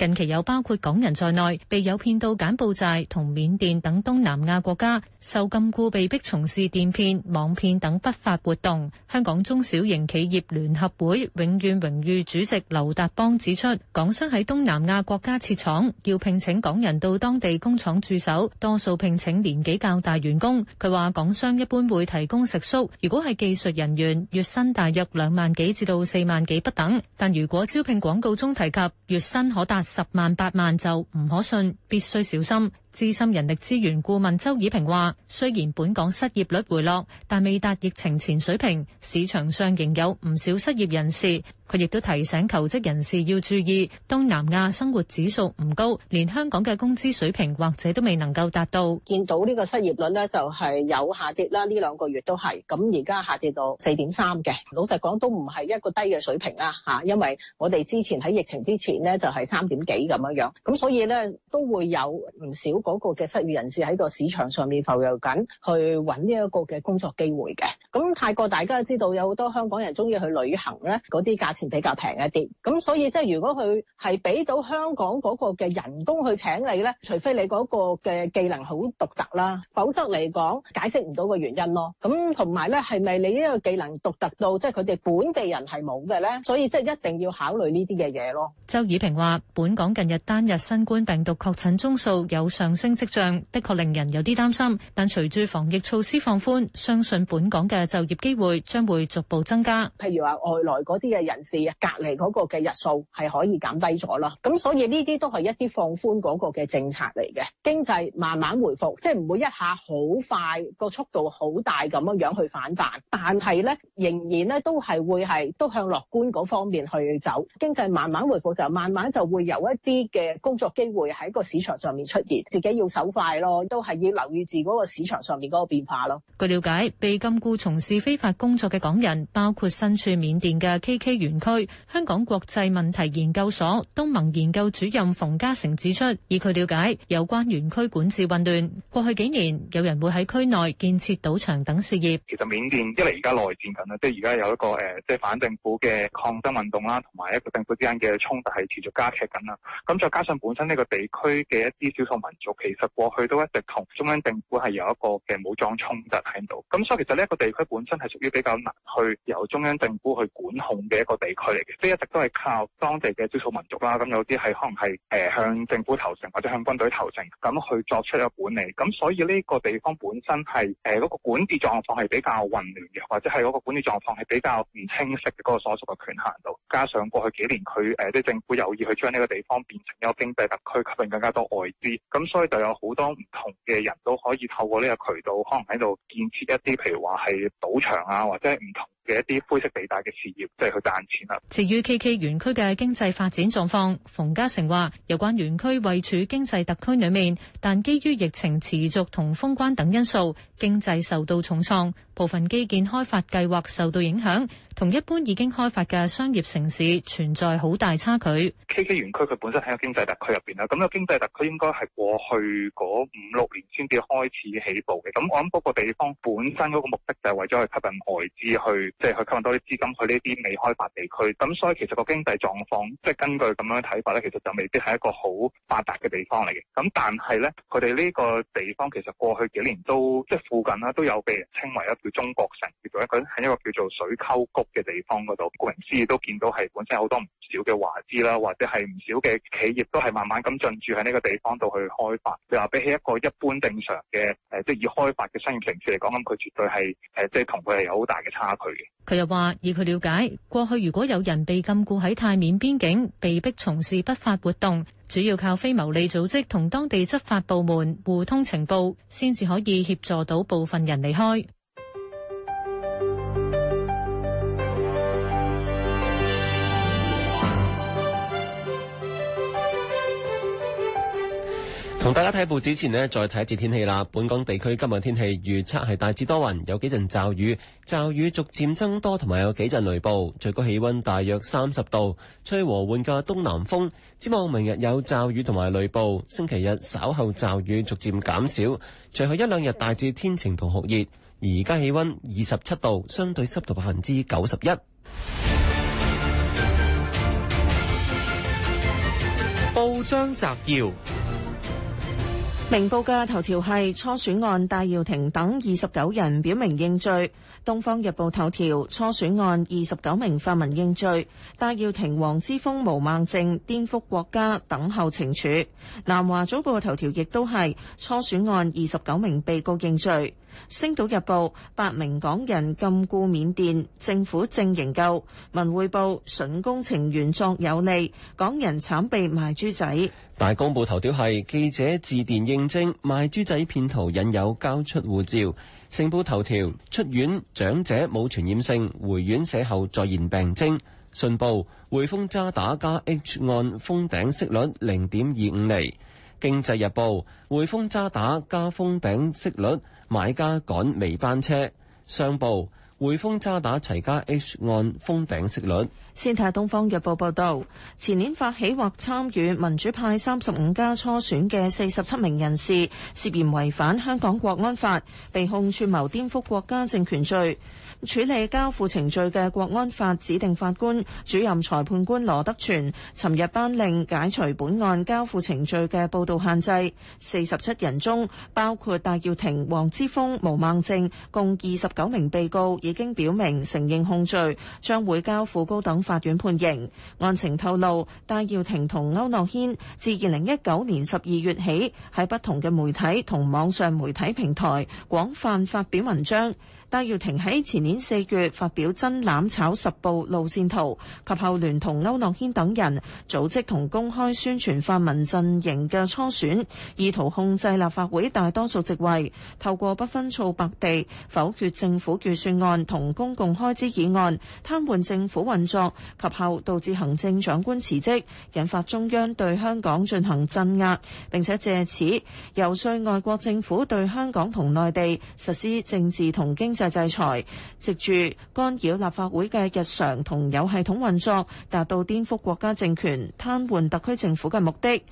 近期有包括港人在內被誘騙到柬埔寨同緬甸等東南亞國家受禁錮被逼從事電騙網騙等不法活動，香港中小型企業聯合會永遠榮譽主席劉達邦指出，港商喺東南亞國家設廠要聘請港人到當地工廠駐守，多數聘請年紀較大員工。佢話港商一般會提供食宿，如果係技術人員月薪大約兩萬幾至到四萬幾不等，但如果招聘廣告中提及月薪可達，十萬八萬就唔可信，必須小心。資深人力資源顧問周以平話：雖然本港失業率回落，但未達疫情前水平，市場上仍有唔少失業人士。佢亦都提醒求職人士要注意，東南亞生活指數唔高，連香港嘅工資水平或者都未能夠達到。見到呢個失業率呢，就係有下跌啦，呢兩個月都係咁，而家下跌到四點三嘅。老實講都唔係一個低嘅水平啦，吓，因為我哋之前喺疫情之前呢，就係三點幾咁樣樣，咁所以呢，都會有唔少。嗰個嘅失業人士喺個市場上面浮遊緊，去揾呢一個嘅工作機會嘅。咁泰國大家都知道有好多香港人中意去旅行咧，嗰啲價錢比較平一啲。咁所以即係如果佢係俾到香港嗰個嘅人工去請你咧，除非你嗰個嘅技能好獨特啦，否則嚟講解釋唔到個原因咯。咁同埋咧，係咪你呢個技能獨特到即係佢哋本地人係冇嘅咧？所以即係一定要考慮呢啲嘅嘢咯。周以平話：本港近日單日新冠病毒確診宗數有上升跡象，的確令人有啲擔心。但隨住防疫措施放寬，相信本港嘅就業機會將會逐步增加。譬如話，外來嗰啲嘅人士啊，隔離嗰個嘅日數係可以減低咗啦。咁所以呢啲都係一啲放寬嗰個嘅政策嚟嘅。經濟慢慢回復，即係唔會一下好快個速度好大咁樣樣去反彈，但係咧，仍然咧都係會是，係都向樂觀嗰方面去走。經濟慢慢回復就慢慢就會有一啲嘅工作機會喺個市場上面出現。自己要手快咯，都係要留意住嗰個市場上面嗰個變化咯。據了解，被禁錮從事非法工作嘅港人，包括身處緬甸嘅 KK 園區。香港國際問題研究所東盟研究主任馮嘉誠指出，以佢了解，有關園區管治混亂，過去幾年有人會喺區內建設賭場等事業。其實緬甸一嚟而家內戰緊啦，即係而家有一個誒，即係反政府嘅抗爭運動啦，同埋一個政府之間嘅衝突係持續加劇緊啦。咁再加上本身呢個地區嘅一啲少數民族。其實過去都一直同中央政府係有一個嘅武裝衝突喺度，咁所以其實呢一個地區本身係屬於比較難去由中央政府去管控嘅一個地區嚟嘅，即係一直都係靠當地嘅少數民族啦，咁有啲係可能係誒向政府投誠或者向軍隊投誠，咁去作出一個管理，咁所以呢個地方本身係誒嗰個管理狀況係比較混亂嘅，或者係嗰個管理狀況係比較唔清晰嘅嗰個所屬嘅權限度，加上過去幾年佢誒啲政府有意去將呢個地方變成一個經濟特區，吸引更加多外資，咁所。所以就有好多唔同嘅人都可以透過呢個渠道，可能喺度建設一啲，譬如話係賭場啊，或者唔同嘅一啲灰色地帶嘅事業，即係去賺錢啦，啊。至於 KK 園區嘅經濟發展狀況，馮家成話有關園區位處經濟特區裏面，但基於疫情持續同封關等因素，經濟受到重創，部分基建開發計劃受到影響。同一般已經開發嘅商業城市存在好大差距。KK 園區佢本身喺個經濟特區入邊啦，咁個經濟特區應該係過去嗰五六年先至開始起步嘅。咁我諗嗰個地方本身嗰個目的就係為咗去吸引外資，去即係去吸引多啲資金去呢啲未開發地區。咁所以其實個經濟狀況，即係根據咁樣睇法咧，其實就未必係一個好發達嘅地方嚟嘅。咁但係咧，佢哋呢個地方其實過去幾年都即係附近啦，都有被人稱為一叫中國城嘅一個，係一個叫做水溝谷嘅地方嗰度，顧名思義都見到係本身好多唔少嘅華資啦，或者係唔少嘅企業都係慢慢咁進駐喺呢個地方度去開發，即係話比起一個一般正常嘅誒即係以開發嘅商業城市嚟講，咁佢絕對係誒即係同佢係有好大嘅差距嘅。佢又話，以佢了解，過去如果有人被禁錮喺泰緬邊境，被逼從事不法活動，主要靠非牟利組織同當地執法部門互通情報，先至可以協助到部分人離開。同大家睇報紙前呢，再睇一節天氣啦。本港地區今日天氣預測係大致多雲，有幾陣驟雨，驟雨逐漸增多，同埋有幾陣雷暴。最高氣溫大約三十度，吹和緩嘅東南風。展望明日有驟雨同埋雷暴，星期日稍後驟雨逐漸減少，隨後一兩日大致天晴同酷熱。而家氣溫二十七度，相對濕度百分之九十一。報章摘要。明報嘅頭條係初選案，戴耀廷等二十九人表明認罪。東方日報頭條，初選案二十九名泛民認罪，戴耀廷、黃之鋒、毛孟靜顛覆國家，等候懲處。南華早報嘅頭條亦都係初選案二十九名被告認罪。《星島日報》八名港人禁錮緬甸政府正營救，《文匯報》純工程員作有利港人慘被賣豬仔，大《大公報》頭條係記者致電應徵賣豬仔騙徒引誘交出護照，《成報》頭條出院長者冇傳染性回院舍後再現病徵，《信報》匯豐渣打,打加 H 按封頂息率零點二五厘，《經濟日報》匯豐渣打,打加封頂息率。買家趕尾班車，商報匯豐渣打齊加 H 按封頂息率。先睇下《東方日報》報道，前年發起或參與民主派三十五家初選嘅四十七名人士，涉嫌違反香港國安法，被控串謀顛覆國家政權罪。處理交付程序嘅國安法指定法官主任裁判官羅德全，尋日頒令解除本案交付程序嘅報道限制。四十七人中，包括戴耀廷、黃之鋒、毛孟靜，共二十九名被告已經表明承認控罪，將會交付高等法院判刑。案情透露，戴耀廷同歐諾軒自二零一九年十二月起，喺不同嘅媒體同網上媒體平台廣泛發表文章。戴耀廷喺前年四月發表真攬炒十步路線圖，及後聯同區諾軒等人組織同公開宣傳泛民陣營嘅初選，意圖控制立法會大多數席位，透過不分皂白地否決政府預算案同公共開支議案，癱瘓政府運作，及後導致行政長官辭職，引發中央對香港進行鎮壓，並且借此遊說外國政府對香港同內地實施政治同經濟。制制裁，藉住干擾立法會嘅日常同有系統運作，達到顛覆國家政權、癱瘓特區政府嘅目的。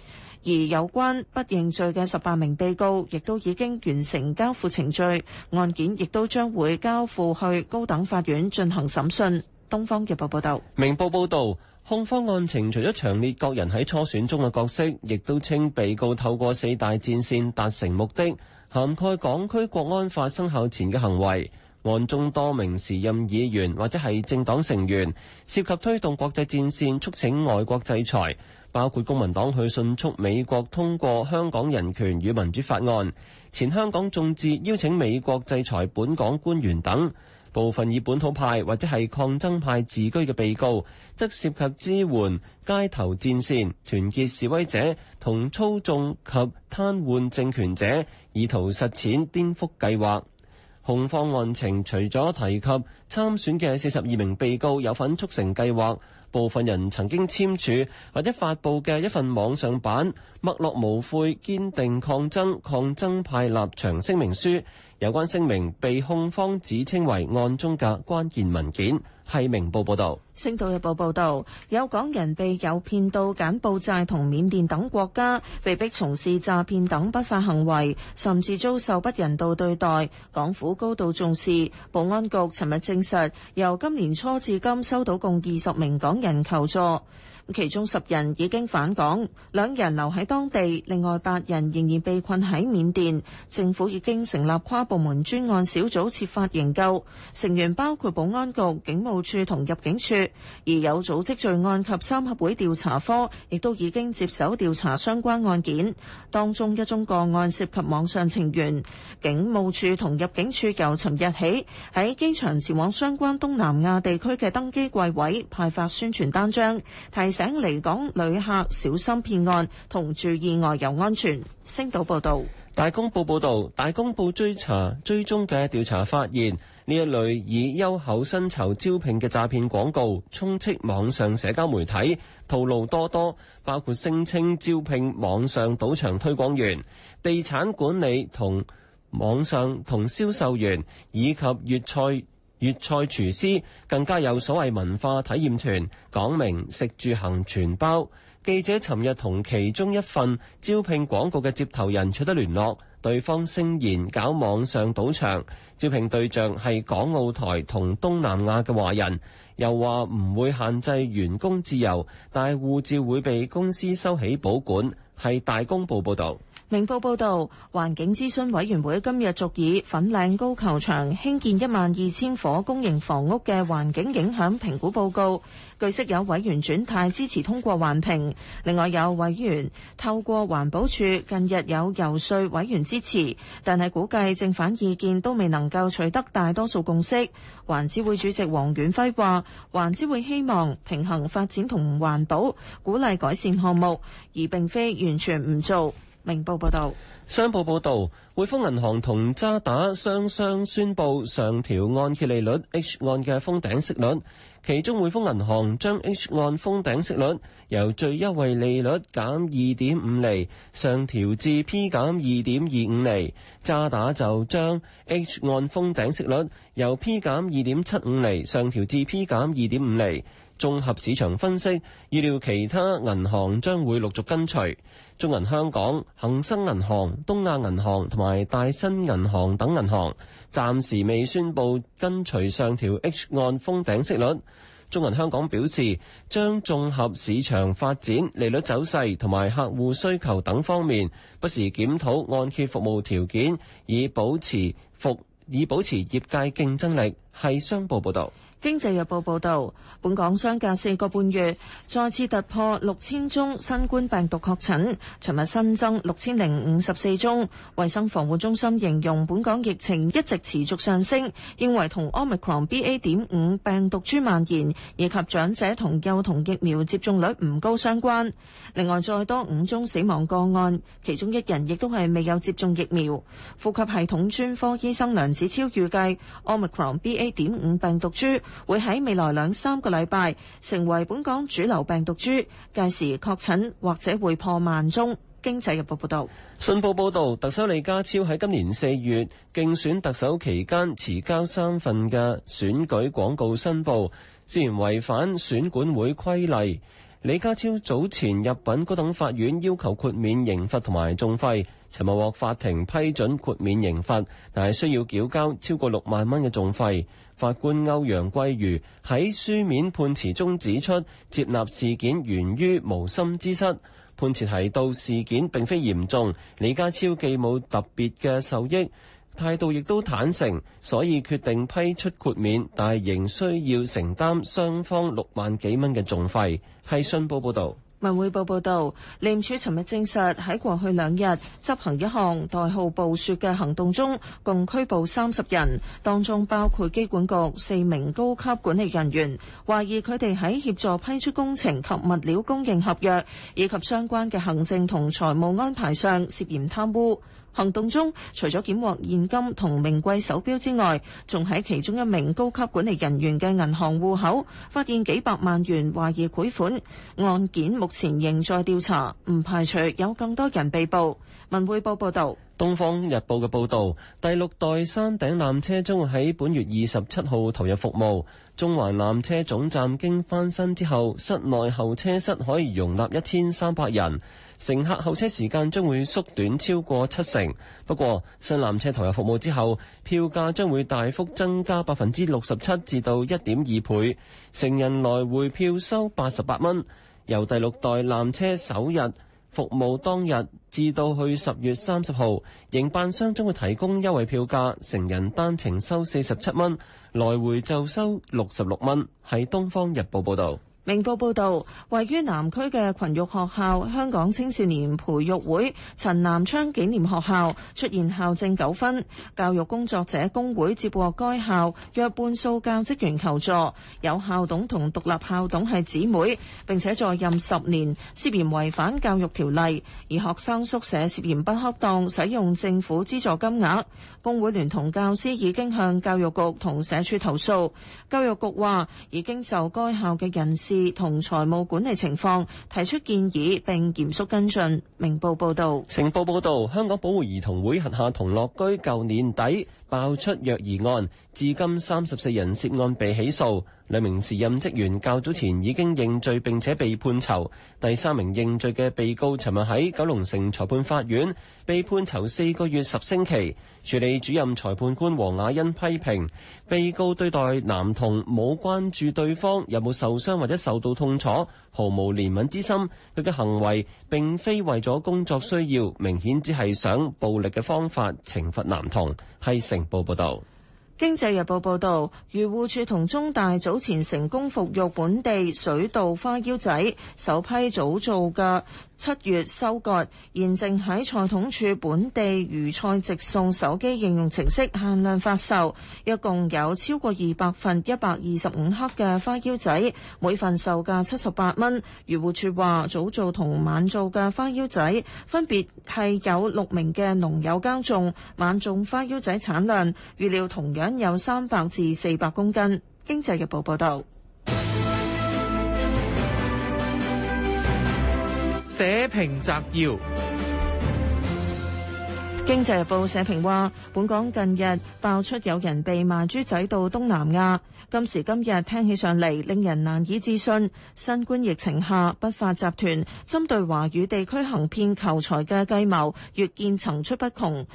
而有關不認罪嘅十八名被告，亦都已經完成交付程序，案件亦都將會交付去高等法院進行審訊。東方日報報道，《明報》報道，控方案情除咗詳列各人喺初選中嘅角色，亦都稱被告透過四大戰線達成目的。涵蓋港區國安法生效前嘅行為，案中多名時任議員或者係政黨成員，涉及推動國際戰線促請外國制裁，包括公民黨去迅速美國通過香港人權與民主法案，前香港眾志邀請美國制裁本港官員等。部分以本土派或者係抗爭派自居嘅被告，則涉及支援街頭戰線、團結示威者同操縱及癱瘓政權者，意圖實踐顛覆計劃，控方案情除咗提及參選嘅四十二名被告有份促成計劃，部分人曾經簽署或者發布嘅一份網上版《墨落無悔堅定抗爭抗爭派立場聲明書》，有關聲明被控方指稱為案中嘅關鍵文件。係明報報道，星島日報報道，有港人被誘騙到柬埔寨同緬甸等國家，被逼從事詐騙等不法行為，甚至遭受不人道對待。港府高度重視，保安局尋日證實，由今年初至今收到共二十名港人求助。其中十人已經返港，兩人留喺當地，另外八人仍然被困喺緬甸。政府已經成立跨部門專案小組，設法營救。成員包括保安局、警務處同入境處，而有組織罪案及三合會調查科亦都已經接手調查相關案件。當中一宗個案涉及網上情緣，警務處同入境處由尋日起喺機場前往相關東南亞地區嘅登機櫃位派發宣傳單張，提請離港旅客小心騙案，同注意外遊安全。星島報道。大公報報道，大公報追查追蹤嘅調查發現，呢一類以優厚薪酬招聘嘅詐騙廣告充斥網上社交媒體，套路多多，包括聲稱招聘網上賭場推廣員、地產管理同網上同銷售員，以及粵菜。粵菜廚師更加有所謂文化體驗團，講明食住行全包。記者尋日同其中一份招聘廣告嘅接頭人取得聯絡，對方聲言搞網上賭場，招聘對象係港澳台同東南亞嘅華人，又話唔會限制員工自由，但係護照會被公司收起保管。係大公報報道。明報報道，環境諮詢委員會今日續議粉嶺高球場興建一萬二千伙公營房屋嘅環境影響評估報告。據悉有委員轉態支持通過環評，另外有委員透過環保署近日有游說委員支持，但係估計正反意見都未能夠取得大多數共識。環諮會主席黃遠輝話，環諮會希望平衡發展同環保，鼓勵改善項目，而並非完全唔做。明報報道，商報報道，匯豐銀行同渣打雙雙宣布上調按揭利率 H 按嘅封頂息率，其中匯豐銀行將 H 按封頂息率由最優惠利率減二點五厘上調至 P 減二點二五厘，渣打就將 H 按封頂息率由 P 減二點七五厘上調至 P 減二點五厘。綜合市場分析，預料其他銀行將會陸續跟隨。中銀香港、恒生銀行、東亞銀行同埋大新銀行等銀行暫時未宣佈跟隨上調 H 按封頂息率。中銀香港表示，將綜合市場發展、利率走勢同埋客戶需求等方面，不時檢討按揭服務條件，以保持服以保持業界競爭力。係商報報道。經濟日報報道，本港相隔四個半月再次突破六千宗新冠病毒確診，尋日新增六千零五十四宗。衛生防護中心形容本港疫情一直持續上升，認為同 Omicron BA. 點五病毒株蔓延，以及長者同幼童疫苗接種率唔高相關。另外，再多五宗死亡個案，其中一人亦都係未有接種疫苗。呼吸系統專科醫生梁子超預計，Omicron BA. 點五病毒株會喺未來兩三個禮拜成為本港主流病毒株，屆時確診或者會破萬宗。經濟日報報道。信報報道，特首李家超喺今年四月競選特首期間，遲交三份嘅選舉廣告申報，涉嫌違反選管會規例。李家超早前入禀高等法院，要求豁免刑罰同埋訟費，尋日獲法庭批准豁免刑罰，但係需要繳交超過六萬蚊嘅訟費。法官歐陽桂如喺書面判詞中指出，接納事件源於無心之失，判詞提到事件並非嚴重，李家超既冇特別嘅受益，態度亦都坦誠，所以決定批出豁免，但係仍需要承擔雙方六萬幾蚊嘅訟費。係信報報道。文匯報報道，廉署尋日證實喺過去兩日執行一項代號“暴雪”嘅行動中，共拘捕三十人，當中包括機管局四名高級管理人員，懷疑佢哋喺協助批出工程及物料供應合約以及相關嘅行政同財務安排上涉嫌貪污。行動中，除咗檢獲現金同名貴手錶之外，仲喺其中一名高級管理人員嘅銀行戶口發現幾百萬元懷疑賄款。案件目前仍在調查，唔排除有更多人被捕。文匯報報道。《東方日報》嘅報導，第六代山頂纜車將會喺本月二十七號投入服務。中環纜車總站經翻新之後，室內候車室可以容納一千三百人。乘客候車時間將會縮短超過七成，不過新纜車投入服務之後，票價將會大幅增加百分之六十七至到一點二倍，成人來回票收八十八蚊。由第六代纜車首日服務當日至到去十月三十號，營辦商將會提供優惠票價，成人單程收四十七蚊，來回就收六十六蚊。喺《東方日報》報導。明報報道，位於南區嘅群育學校、香港青少年培育會陳南昌紀念學校出現校政糾紛，教育工作者工會接獲該校約半數教職員求助，有校董同獨立校董係姊妹，並且在任十年，涉嫌違反教育條例，而學生宿舍涉嫌不恰當使用政府資助金額。工會聯同教師已經向教育局同社署投訴，教育局話已經就該校嘅人士。同財務管理情況提出建議，並嚴肅跟進。明報報道，成報報道，香港保護兒童會轄下同樂居舊年底爆出虐兒案，至今三十四人涉案被起訴。兩名時任職員較早前已經認罪並且被判囚，第三名認罪嘅被告尋日喺九龍城裁判法院被判囚四個月十星期。處理主任裁判官黃雅欣批評被告對待男童，冇關注對方有冇受傷或者受到痛楚，毫無憐憫之心。佢嘅行為並非為咗工作需要，明顯只係想暴力嘅方法懲罰男童。係成報報道。經濟日報報道，漁護署同中大早前成功復育本地水稻花腰仔，首批早造嘅。七月收割，現正喺菜統處本地魚菜直送手機應用程式限量發售，一共有超過二百份一百二十五克嘅花腰仔，每份售價七十八蚊。漁護署話，早造同晚造嘅花腰仔分別係有六名嘅農友耕種，晚種花腰仔產量預料同樣有三百至四百公斤。經濟日報報導。社評摘要：經濟日報社評話，本港近日爆出有人被賣豬仔到東南亞，今時今日聽起上嚟，令人難以置信。新冠疫情下，不法集團針對華語地區行騙求財嘅計謀，越見層出不窮。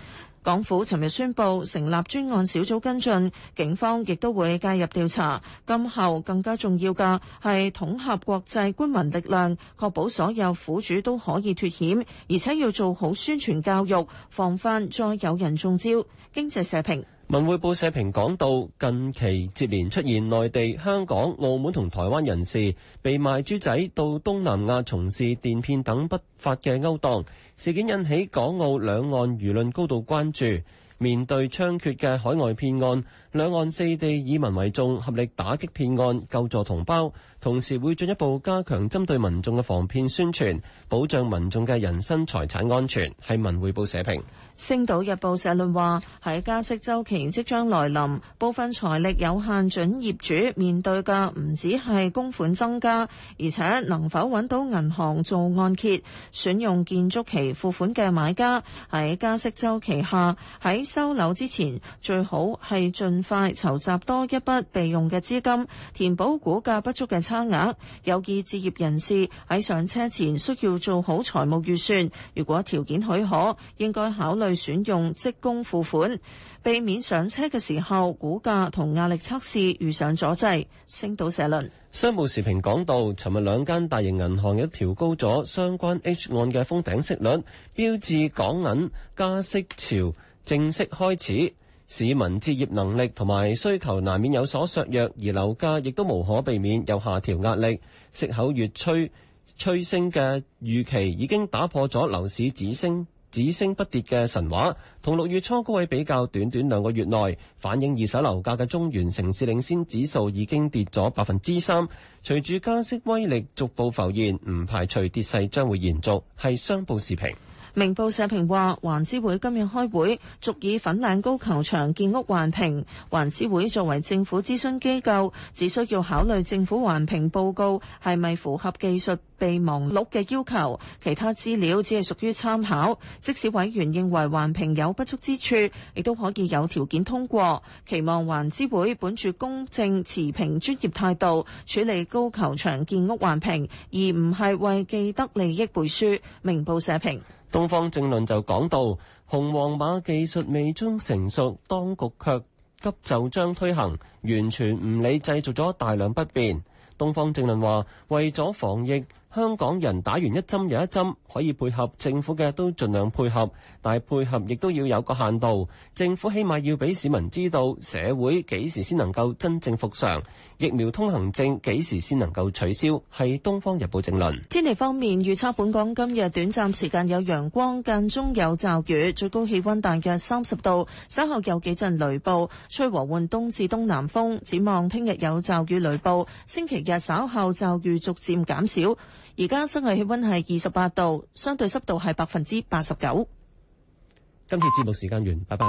港府尋日宣布成立專案小組跟進，警方亦都會介入調查。今後更加重要嘅係統合國際官民力量，確保所有苦主都可以脱險，而且要做好宣傳教育，防範再有人中招。經濟社評，文匯報社評講到，近期接連出現內地、香港、澳門同台灣人士被賣豬仔到東南亞從事電騙等不法嘅勾當，事件引起港澳兩岸輿論高度關注。面對猖獗嘅海外騙案，兩岸四地以民為重，合力打擊騙案，救助同胞，同時會進一步加強針對民眾嘅防騙宣傳，保障民眾嘅人身財產安全。係文匯報社評。星島日報社論話：喺加息周期即將來臨，部分財力有限準業主面對嘅唔止係供款增加，而且能否揾到銀行做按揭、選用建築期付款嘅買家，喺加息周期下，喺收樓之前最好係盡快籌集多一筆備用嘅資金，填補估價不足嘅差額。有意置業人士喺上車前需要做好財務預算，如果條件許可，應該考慮。選用職工付款，避免上車嘅時候股價同壓力測試遇上阻滯，星島社論。商務時評講到，尋日兩間大型銀行有調高咗相關 H 案嘅封頂息率，標誌港銀加息潮正式開始。市民置業能力同埋需求難免有所削弱，而樓價亦都無可避免有下調壓力，息口越趨趨升嘅預期已經打破咗樓市止升，只升不跌嘅神話，同六月初高位比較，短短兩個月內反映二手樓價嘅中原城市領先指數已經跌咗百分之三。隨住加息威力逐步浮現，唔排除跌勢將會延續，係雙報視頻。明報社評話，環諮會今日開會，續議粉嶺高球場建屋環評。環諮會作為政府諮詢機構，只需要考慮政府環評報告係咪符合技術備忘錄嘅要求，其他資料只係屬於參考。即使委員認為環評有不足之處，亦都可以有條件通過。期望環諮會本住公正、持平、專業態度處理高球場建屋環評，而唔係為既得利益背書。明報社評。東方正論就講到，紅黃碼技術未將成熟，當局卻急就將推行，完全唔理製造咗大量不便。東方正論話，為咗防疫，香港人打完一針又一針，可以配合政府嘅都盡量配合，但係配合亦都要有個限度。政府起碼要俾市民知道，社會幾時先能夠真正復常。疫苗通行證幾時先能夠取消？係東方日報正論。天氣方面預測，本港今日短暫時間有陽光，間中有驟雨，最高氣温大約三十度。稍後有幾陣雷暴，吹和緩東至東南風。展望聽日有驟雨雷暴，星期日稍後驟雨逐漸減少。而家室外氣温係二十八度，相對濕度係百分之八十九。今次節目時間完，拜拜。